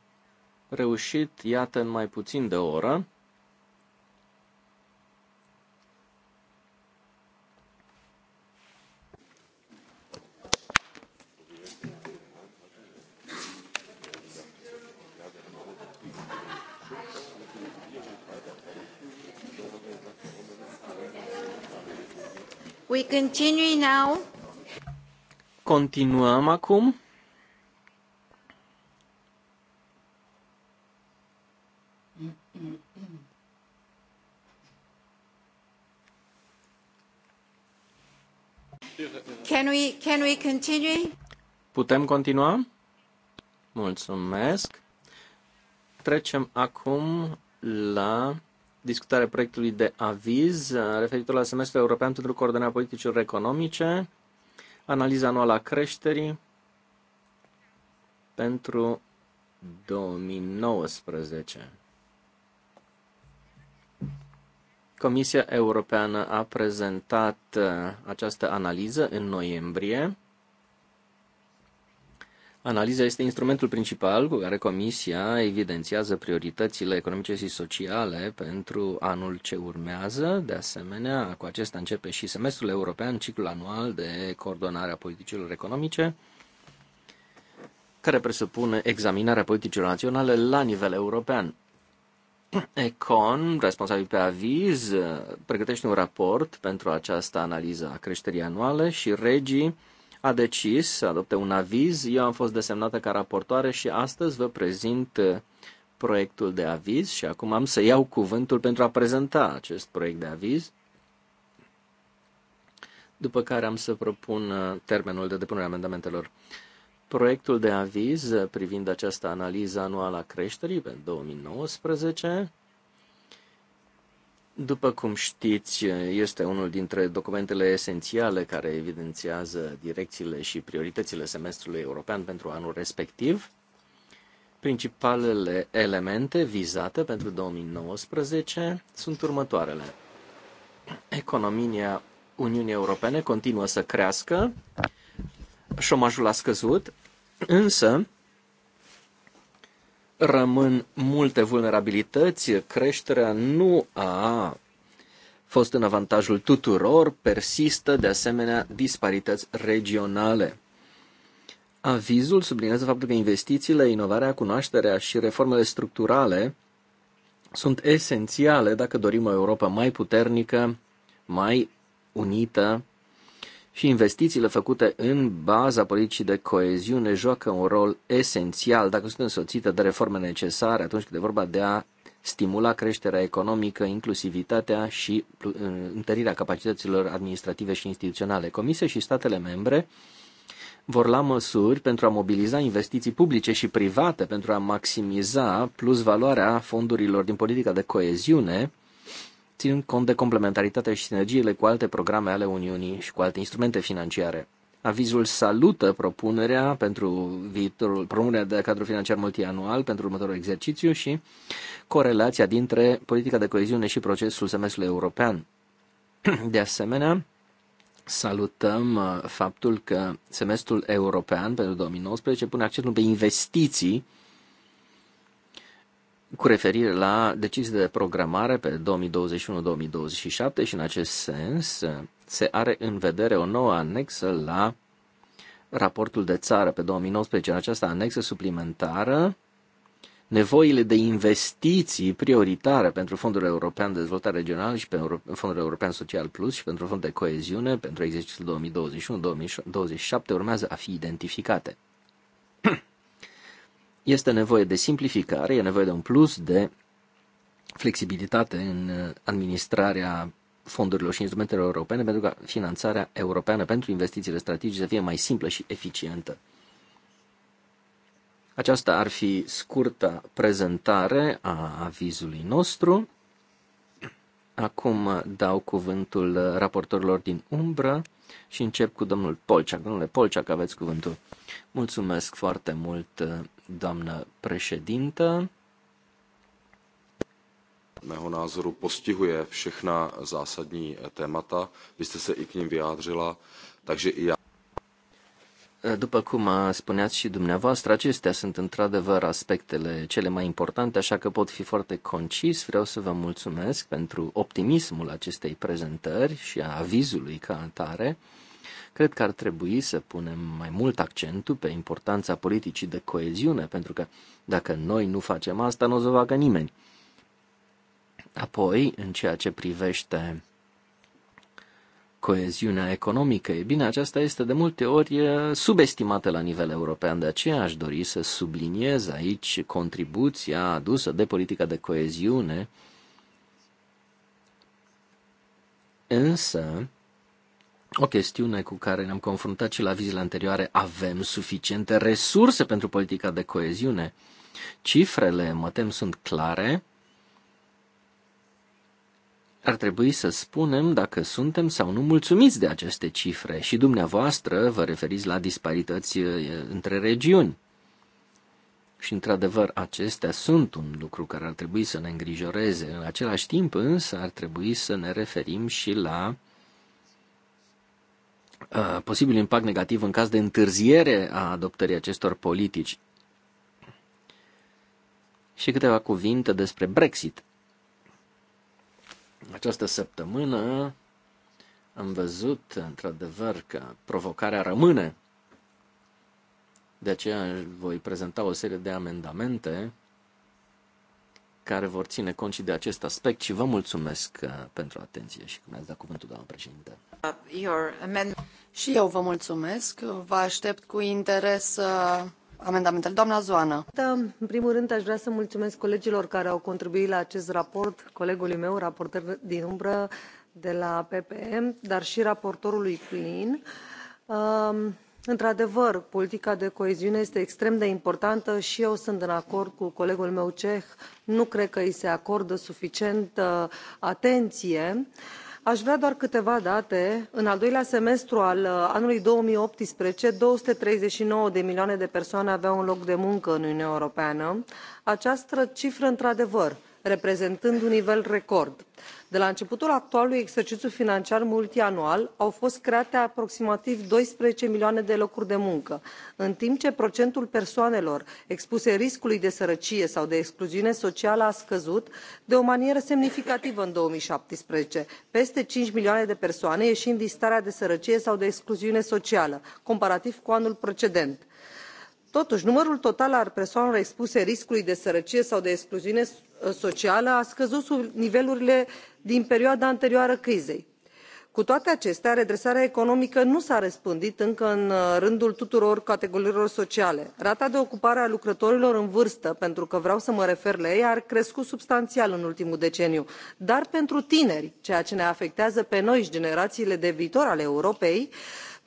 reușit, iată, în mai puțin de o oră. We continue now. Continuăm acum. Can we, can we continue? Putem continua? Mulțumesc. Trecem acum la discutarea proiectului de aviz uh, referitor la semestrul european pentru coordonarea politicilor economice, analiza anuală a creșterii pentru 2019. Comisia Europeană a prezentat uh, această analiză în noiembrie Analiza este instrumentul principal cu care Comisia evidențiază prioritățile economice și sociale pentru anul ce urmează. De asemenea, cu acesta începe și semestrul european, ciclul anual de coordonare a politicilor economice, care presupune examinarea politicilor naționale la nivel european. Econ, responsabil pe aviz, pregătește un raport pentru această analiză a creșterii anuale și regii a decis să adopte un aviz. Eu am fost desemnată ca raportoare și astăzi vă prezint uh, proiectul de aviz și acum am să iau cuvântul pentru a prezenta acest proiect de aviz. După care am să propun uh, termenul de depunere a amendamentelor. Proiectul de aviz uh, privind această analiză anuală a creșterii pentru 2019 după cum știți, este unul dintre documentele esențiale care evidențiază direcțiile și prioritățile semestrului european pentru anul respectiv. Principalele elemente vizate pentru 2019 sunt următoarele. Economia Uniunii Europene continuă să crească, șomajul a scăzut, însă rămân multe vulnerabilități, creșterea nu a fost în avantajul tuturor, persistă de asemenea disparități regionale. Avizul sublinează faptul că investițiile, inovarea, cunoașterea și reformele structurale sunt esențiale dacă dorim o Europa mai puternică, mai unită și investițiile făcute în baza politicii de coeziune joacă un rol esențial dacă sunt însoțite de reforme necesare atunci când e vorba de a stimula creșterea economică, inclusivitatea și întărirea capacităților administrative și instituționale. Comisia și statele membre vor lua măsuri pentru a mobiliza investiții publice și private pentru a maximiza plus valoarea fondurilor din politica de coeziune ținând cont de complementaritatea și sinergiile cu alte programe ale Uniunii și cu alte instrumente financiare. Avizul salută propunerea pentru viitorul, propunerea de cadru financiar multianual pentru următorul exercițiu și corelația dintre politica de coeziune și procesul semestrului european. [CLEARS THROAT] De asemenea, salutăm uh, faptul că semestrul european pentru 2019 pune accentul pe investiții cu referire la deciziile de programare pe 2021-2027 și în acest sens se are în vedere o nouă anexă la raportul de țară pe 2019. În această anexă suplimentară, nevoile de investiții prioritare pentru Fondul European de Dezvoltare Regională și pentru Fondul European Social Plus și pentru Fondul de Coeziune pentru exercițiul 2021-2027 urmează a fi identificate. Este nevoie de simplificare, e nevoie de un plus de flexibilitate în uh, administrarea fondurilor și instrumentelor europene pentru ca finanțarea europeană pentru investițiile strategice să fie mai simplă și eficientă. Aceasta ar fi scurta prezentare a avizului nostru. Acum dau cuvântul raportorilor din umbră și încep cu domnul Polciac. Domnule Polciac, aveți cuvântul. Mulțumesc foarte mult, uh, doamnă președintă. Mého názoru postihuje všechna zásadní témata. Vy jste se i k nim vyjádřila, takže i já. După cum spuneați și dumneavoastră, acestea sunt într-adevăr aspectele cele mai importante, așa că pot fi foarte concis. Vreau să vă mulțumesc pentru optimismul acestei prezentări și a avizului ca atare. Cred că ar trebui să punem mai mult accentul pe importanța politicii de coeziune, pentru că dacă noi nu facem asta, nu o să facă nimeni. Apoi, în ceea ce privește coeziunea economică, e bine, aceasta este de multe ori subestimată la nivel european, de aceea aș dori să subliniez aici contribuția adusă de politica de coeziune, însă o chestiune cu care ne-am confruntat și la vizile anterioare, avem suficiente resurse pentru politica de coeziune? Cifrele, mă tem, sunt clare. Ar trebui să spunem dacă suntem sau nu mulțumiți de aceste cifre și dumneavoastră vă referiți la disparități între regiuni. Și, într-adevăr, acestea sunt un lucru care ar trebui să ne îngrijoreze. În același timp, însă, ar trebui să ne referim și la Uh, posibil impact negativ în caz de întârziere a adoptării acestor politici. Și câteva cuvinte despre Brexit. Această săptămână am văzut, într-adevăr, că provocarea rămâne. De aceea voi prezenta o serie de amendamente care vor ține cont și de acest aspect și vă mulțumesc uh, pentru atenție și cum ați dat cuvântul, doamnă președinte. Uh, și eu vă mulțumesc. Vă aștept cu interes uh, amendamentele. Doamna Zoană. Da, în primul rând, aș vrea să mulțumesc colegilor care au contribuit la acest raport, colegului meu, raportor din umbră de la PPM, dar și raportorului Plin. Um, într adevăr politica de coeziune este extrem de importantă și eu sunt în acord cu colegul meu ceh nu cred că i se acordă suficientă uh, atenție aș vrea doar câteva date în al doilea semestru al uh, anului două mii optsprezece două sute treizeci și nouă de milioane de persoane aveau un loc de muncă în uniunea europeană această cifră într adevăr reprezentând un nivel record. de la începutul actualului exercițiu financiar multianual au fost create aproximativ doisprezece milioane de locuri de muncă în timp ce procentul persoanelor expuse riscului de sărăcie sau de excluziune socială a scăzut de o manieră semnificativă în două mii șaptesprezece peste cinci milioane de persoane ieșind din starea de sărăcie sau de excluziune socială comparativ cu anul precedent totuși numărul total al persoanelor expuse riscului de sărăcie sau de excluziune uh, socială a scăzut sub nivelurile din perioada anterioară crizei. cu toate acestea redresarea economică nu s a răspândit încă în uh, rândul tuturor categoriilor sociale. rata de ocupare a lucrătorilor în vârstă pentru că vreau să mă refer la ei a crescut substanțial în ultimul deceniu dar pentru tineri ceea ce ne afectează pe noi și generațiile de viitor ale europei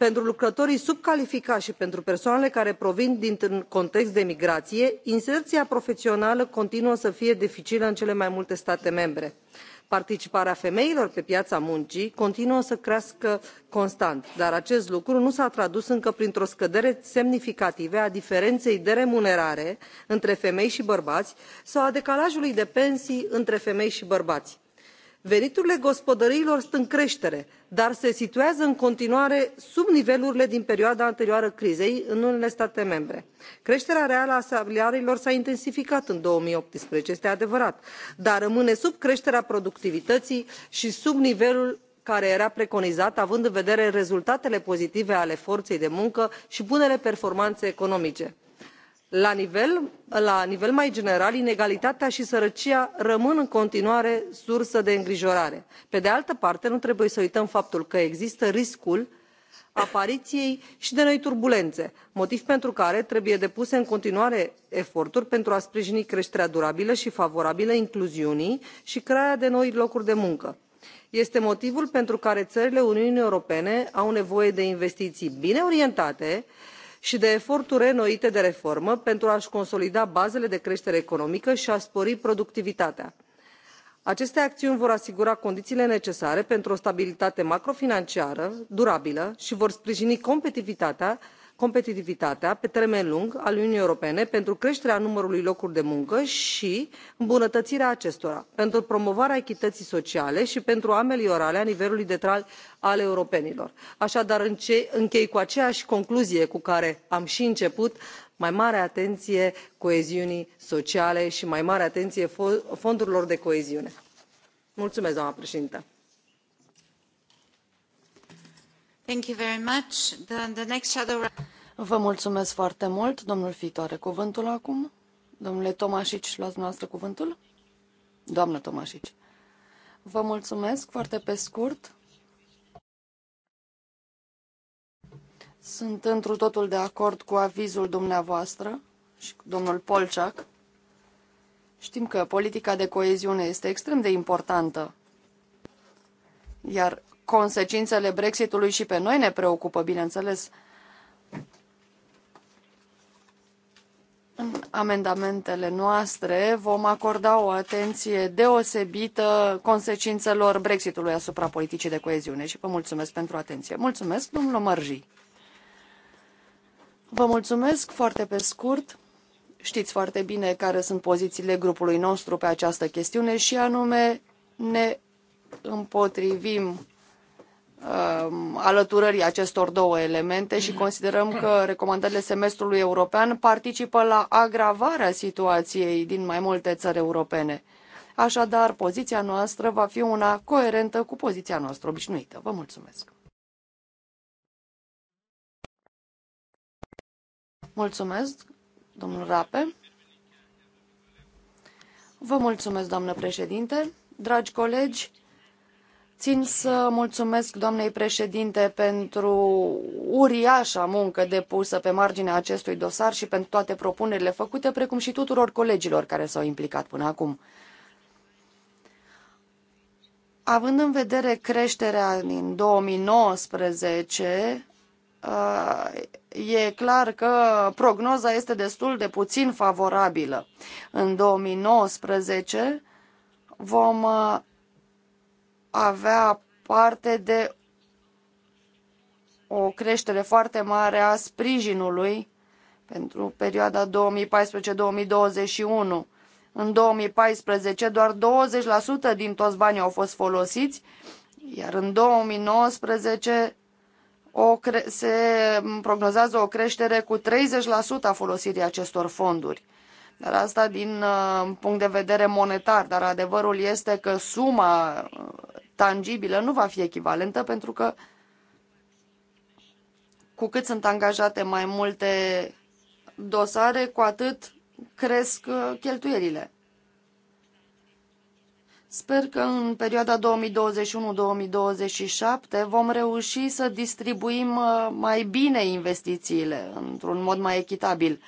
pentru lucrătorii subcalificați și pentru persoanele care provin dintr un context de migrație inserția profesională continuă să fie dificilă în cele mai multe state membre. participarea femeilor pe piața muncii continuă să crească constant dar acest lucru nu s a tradus încă printr o scădere semnificativă a diferenței de remunerare între femei și bărbați sau a decalajului de pensii între femei și bărbați veniturile gospodăriilor sunt în creștere dar se situează în continuare sub nivelurile din perioada anterioară crizei în unele state membre. creșterea reală a salariilor s a intensificat în două mii optsprezece este adevărat dar rămâne sub creșterea productivității și sub nivelul care era preconizat având în vedere rezultatele pozitive ale forței de muncă și bunele performanțe economice la nivel, la nivel mai general inegalitatea și sărăcia rămân în continuare sursă de îngrijorare. pe de altă parte nu trebuie să uităm faptul că există riscul apariției și de noi turbulențe motiv pentru care trebuie depuse în continuare eforturi pentru a sprijini creșterea durabilă și favorabilă incluziunii și crearea de noi locuri de muncă. este motivul pentru care țările uniunii europene au nevoie de investiții bine orientate și de eforturi reînnoite de reformă pentru a și consolida bazele de creștere economică și a spori productivitatea. aceste acțiuni vor asigura condițiile necesare pentru o stabilitate macrofinanciară durabilă și vor sprijini competitivitatea competitivitatea pe termen lung a uniunii europene pentru creșterea numărului locurilor de muncă și îmbunătățirea acestora pentru promovarea echității sociale și pentru ameliorarea nivelului de trai al europenilor. așadar închei cu aceeași concluzie cu care am și început mai mare atenție coeziunii sociale și mai mare atenție fondurilor de coeziune. mulțumesc doamnă președintă. Vă mulțumesc foarte mult. Domnul Fito are cuvântul acum. Domnule Tomașici, luați noastră cuvântul? Doamnă Tomașici. Vă mulțumesc foarte pe scurt. Sunt întru totul de acord cu avizul dumneavoastră și cu domnul Polciac. Știm că politica de coeziune este extrem de importantă, iar consecințele Brexitului și pe noi ne preocupă, bineînțeles. În amendamentele noastre vom acorda o atenție deosebită consecințelor Brexitului asupra politicii de coeziune și vă mulțumesc pentru atenție. Mulțumesc, domnul Mărji. Vă mulțumesc foarte pe scurt. Știți foarte bine care sunt pozițiile grupului nostru pe această chestiune și anume ne împotrivim Um, alăturării acestor două elemente și considerăm că recomandările semestrului european participă la agravarea situației din mai multe țări europene. Așadar, poziția noastră va fi una coerentă cu poziția noastră obișnuită. Vă mulțumesc! Mulțumesc, domnul Rape. Vă mulțumesc, doamnă președinte. Dragi colegi, Țin să mulțumesc doamnei președinte pentru uriașa muncă depusă pe marginea acestui dosar și pentru toate propunerile făcute, precum și tuturor colegilor care s-au implicat până acum. Având în vedere creșterea din 2019, uh, e clar că prognoza este destul de puțin favorabilă. În 2019 vom uh, avea parte de o creștere foarte mare a sprijinului pentru perioada 2014-2021. În 2014 doar 20% din toți banii au fost folosiți, iar în 2019 o se prognozează o creștere cu 30% a folosirii acestor fonduri. Dar asta din uh, punct de vedere monetar, dar adevărul este că suma uh, tangibilă nu va fi echivalentă pentru că cu cât sunt angajate mai multe dosare, cu atât cresc uh, cheltuielile. Sper că în perioada 2021-2027 vom reuși să distribuim uh, mai bine investițiile într-un mod mai echitabil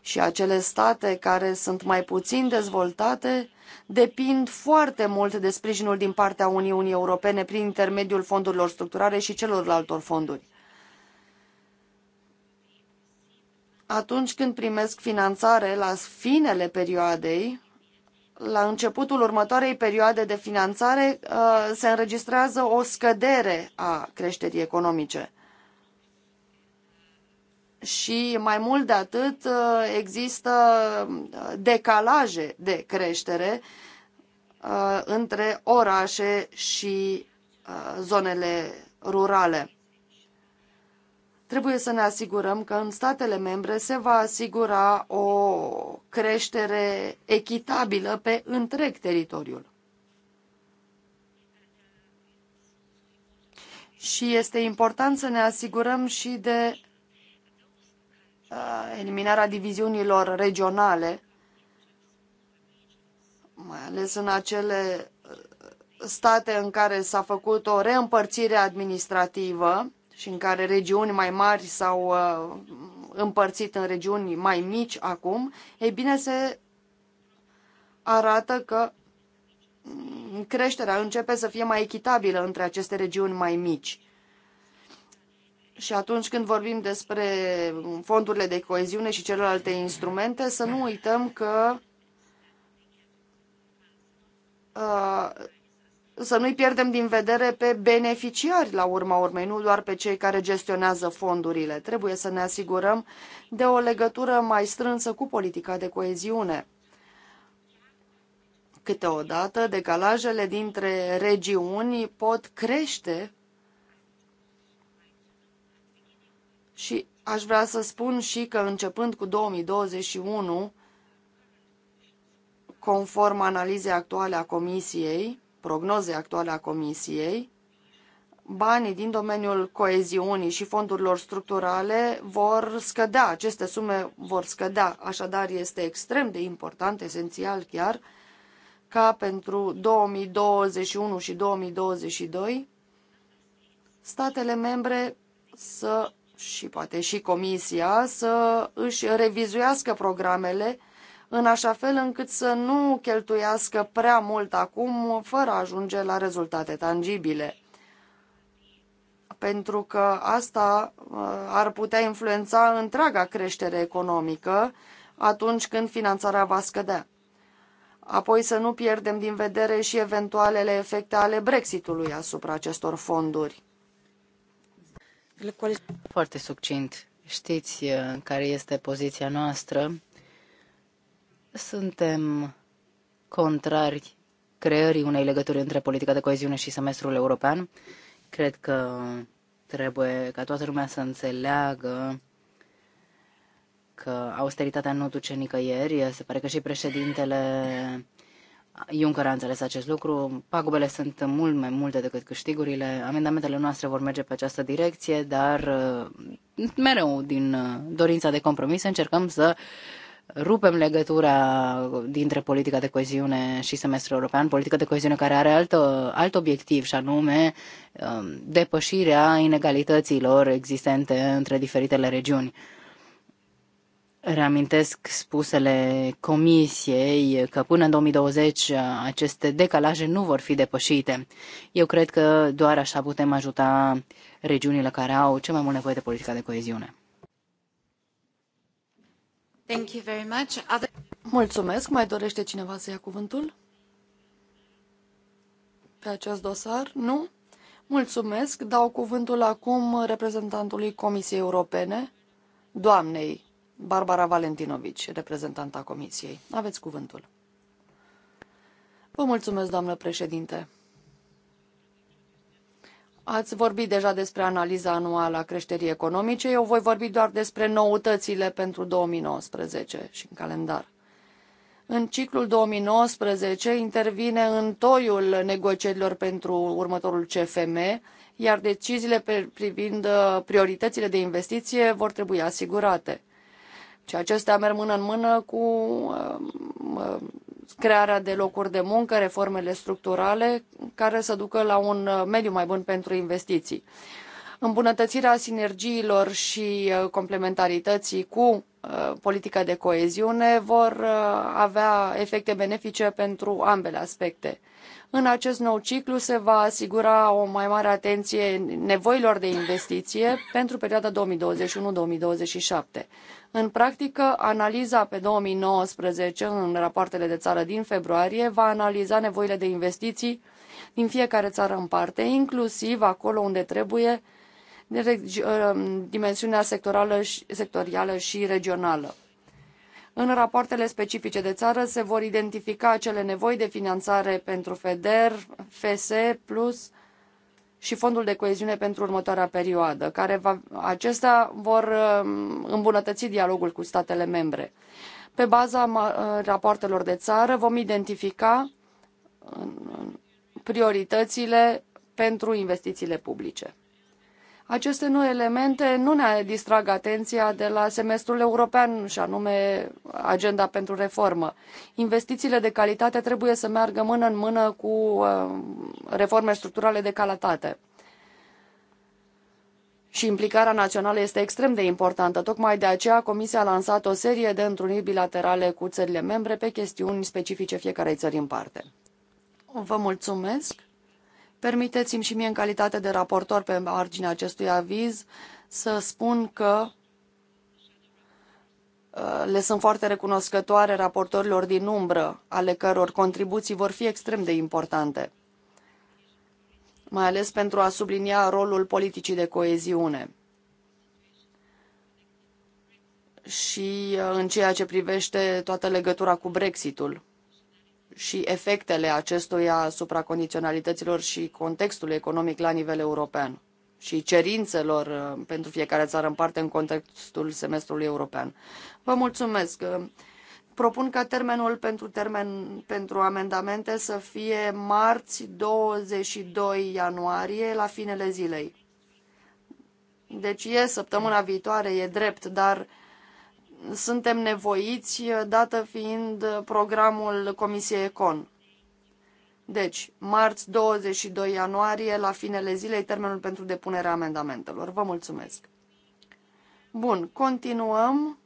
și acele state care sunt mai puțin dezvoltate depind foarte mult de sprijinul din partea Uniunii Europene prin intermediul fondurilor structurare și celorlaltor fonduri. Atunci când primesc finanțare la finele perioadei, la începutul următoarei perioade de finanțare uh, se înregistrează o scădere a creșterii economice și mai mult de atât uh, există uh, decalaje de creștere uh, între orașe și zonele rurale. Trebuie să ne asigurăm că în statele membre se va asigura o creștere echitabilă pe întreg teritoriul. Și este important să ne asigurăm și de eliminarea diviziunilor regionale, mai ales în acele uh, state în care s-a făcut o reîmpărțire administrativă și în care regiuni mai mari s-au uh, împărțit în regiuni mai mici acum, ei bine, se arată că mm, creșterea începe să fie mai echitabilă între aceste regiuni mai mici și atunci când vorbim despre fondurile de coeziune și celelalte instrumente, să nu uităm că uh, să nu-i pierdem din vedere pe beneficiari la urma urmei, nu doar pe cei care gestionează fondurile. Trebuie să ne asigurăm de o legătură mai strânsă cu politica de coeziune. Câteodată, decalajele dintre regiuni pot crește Și aș vrea să spun și că începând cu 2021, conform analizei actuale a Comisiei, prognozei actuale a Comisiei, banii din domeniul coeziunii și fondurilor structurale vor scădea, aceste sume vor scădea, așadar este extrem de important, esențial chiar, ca pentru 2021 și 2022 statele membre să și poate și Comisia să își revizuiască programele în așa fel încât să nu cheltuiască prea mult acum fără a ajunge la rezultate tangibile. Pentru că asta uh, ar putea influența întreaga creștere economică atunci când finanțarea va scădea. Apoi să nu pierdem din vedere și eventualele efecte ale Brexitului asupra acestor fonduri. Foarte succint. Știți uh, care este poziția noastră. Suntem contrari creării unei legături între politica de coeziune și semestrul european. Cred că trebuie ca toată lumea să înțeleagă că austeritatea nu duce nicăieri. Se pare că și președintele Juncker a înțeles acest lucru. Pagubele sunt mult mai multe decât câștigurile. Amendamentele noastre vor merge pe această direcție, dar uh, mereu din uh, dorința de compromis încercăm să rupem legătura dintre politica de coeziune și semestrul european, politica de coeziune care are alt, uh, alt obiectiv și anume um, depășirea inegalităților existente între diferitele regiuni. Reamintesc spusele Comisiei că până în 2020 aceste decalaje nu vor fi depășite. Eu cred că doar așa putem ajuta regiunile care au cel mai mult nevoie de politica de coeziune. Thank you very much. Other... Mulțumesc. Mai dorește cineva să ia cuvântul? Pe acest dosar? Nu? Mulțumesc. Dau cuvântul acum reprezentantului Comisiei Europene, doamnei Barbara Valentinovici, reprezentanta Comisiei. Aveți cuvântul. Vă mulțumesc, doamnă președinte. Ați vorbit deja despre analiza anuală a creșterii economice, eu voi vorbi doar despre noutățile pentru 2019 și în calendar. În ciclul 2019 intervine în toiul negocierilor pentru următorul CFM, iar deciziile privind uh, prioritățile de investiție vor trebui asigurate. Și acestea merg mână în mână cu um, um, crearea de locuri de muncă, reformele structurale, care să ducă la un uh, mediu mai bun pentru investiții. Îmbunătățirea sinergiilor și uh, complementarității cu uh, politica de coeziune vor avea efecte benefice pentru ambele aspecte. În acest nou ciclu se va asigura o mai mare atenție nevoilor de investiție pentru perioada 2021-2027. În practică, analiza pe 2019 în rapoartele de țară din februarie va analiza nevoile de investiții din fiecare țară în parte, inclusiv acolo unde trebuie uh, dimensiunea sectorală, sectorială și regională. În rapoartele specifice de țară se vor identifica acele nevoi de finanțare pentru FEDER, FSE Plus și Fondul de Coeziune pentru următoarea perioadă, care va, acestea vor um, îmbunătăți dialogul cu statele membre. Pe baza uh, rapoartelor de țară vom identifica um, prioritățile pentru investițiile publice. Aceste noi elemente nu ne distrag atenția de la semestrul european și anume agenda pentru reformă. Investițiile de calitate trebuie să meargă mână în mână cu uh, reforme structurale de calitate. Și implicarea națională este extrem de importantă. Tocmai de aceea Comisia a lansat o serie de întruniri bilaterale cu țările membre pe chestiuni specifice fiecarei țări în parte. Vă mulțumesc! Permiteți-mi și mie, în calitate de raportor pe marginea acestui aviz, să spun că uh, le sunt foarte recunoscătoare raportorilor din umbră, ale căror contribuții vor fi extrem de importante, mai ales pentru a sublinia rolul politicii de coeziune și uh, în ceea ce privește toată legătura cu Brexitul și efectele acestuia asupra condiționalităților și contextului economic la nivel european și cerințelor uh, pentru fiecare țară în parte în contextul semestrului european. Vă mulțumesc. Uh, propun ca termenul pentru, termen, pentru amendamente să fie marți 22 ianuarie la finele zilei. Deci e săptămâna viitoare, e drept, dar suntem nevoiți, dată fiind programul Comisiei Econ. Deci, marți 22 ianuarie, la finele zilei, termenul pentru depunerea amendamentelor. Vă mulțumesc! Bun, continuăm.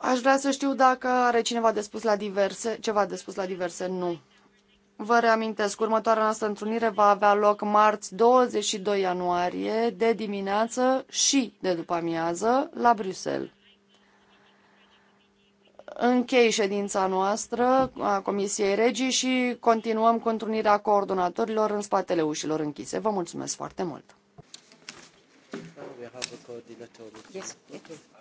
Aș vrea să știu dacă are cineva de spus la diverse, ceva de spus la diverse, nu. Vă reamintesc, următoarea noastră întâlnire va avea loc marți 22 ianuarie, de dimineață și de după amiază, la Bruxelles. Închei ședința noastră a Comisiei Regii și continuăm cu întrunirea coordonatorilor în spatele ușilor închise. Vă mulțumesc foarte mult! Yes,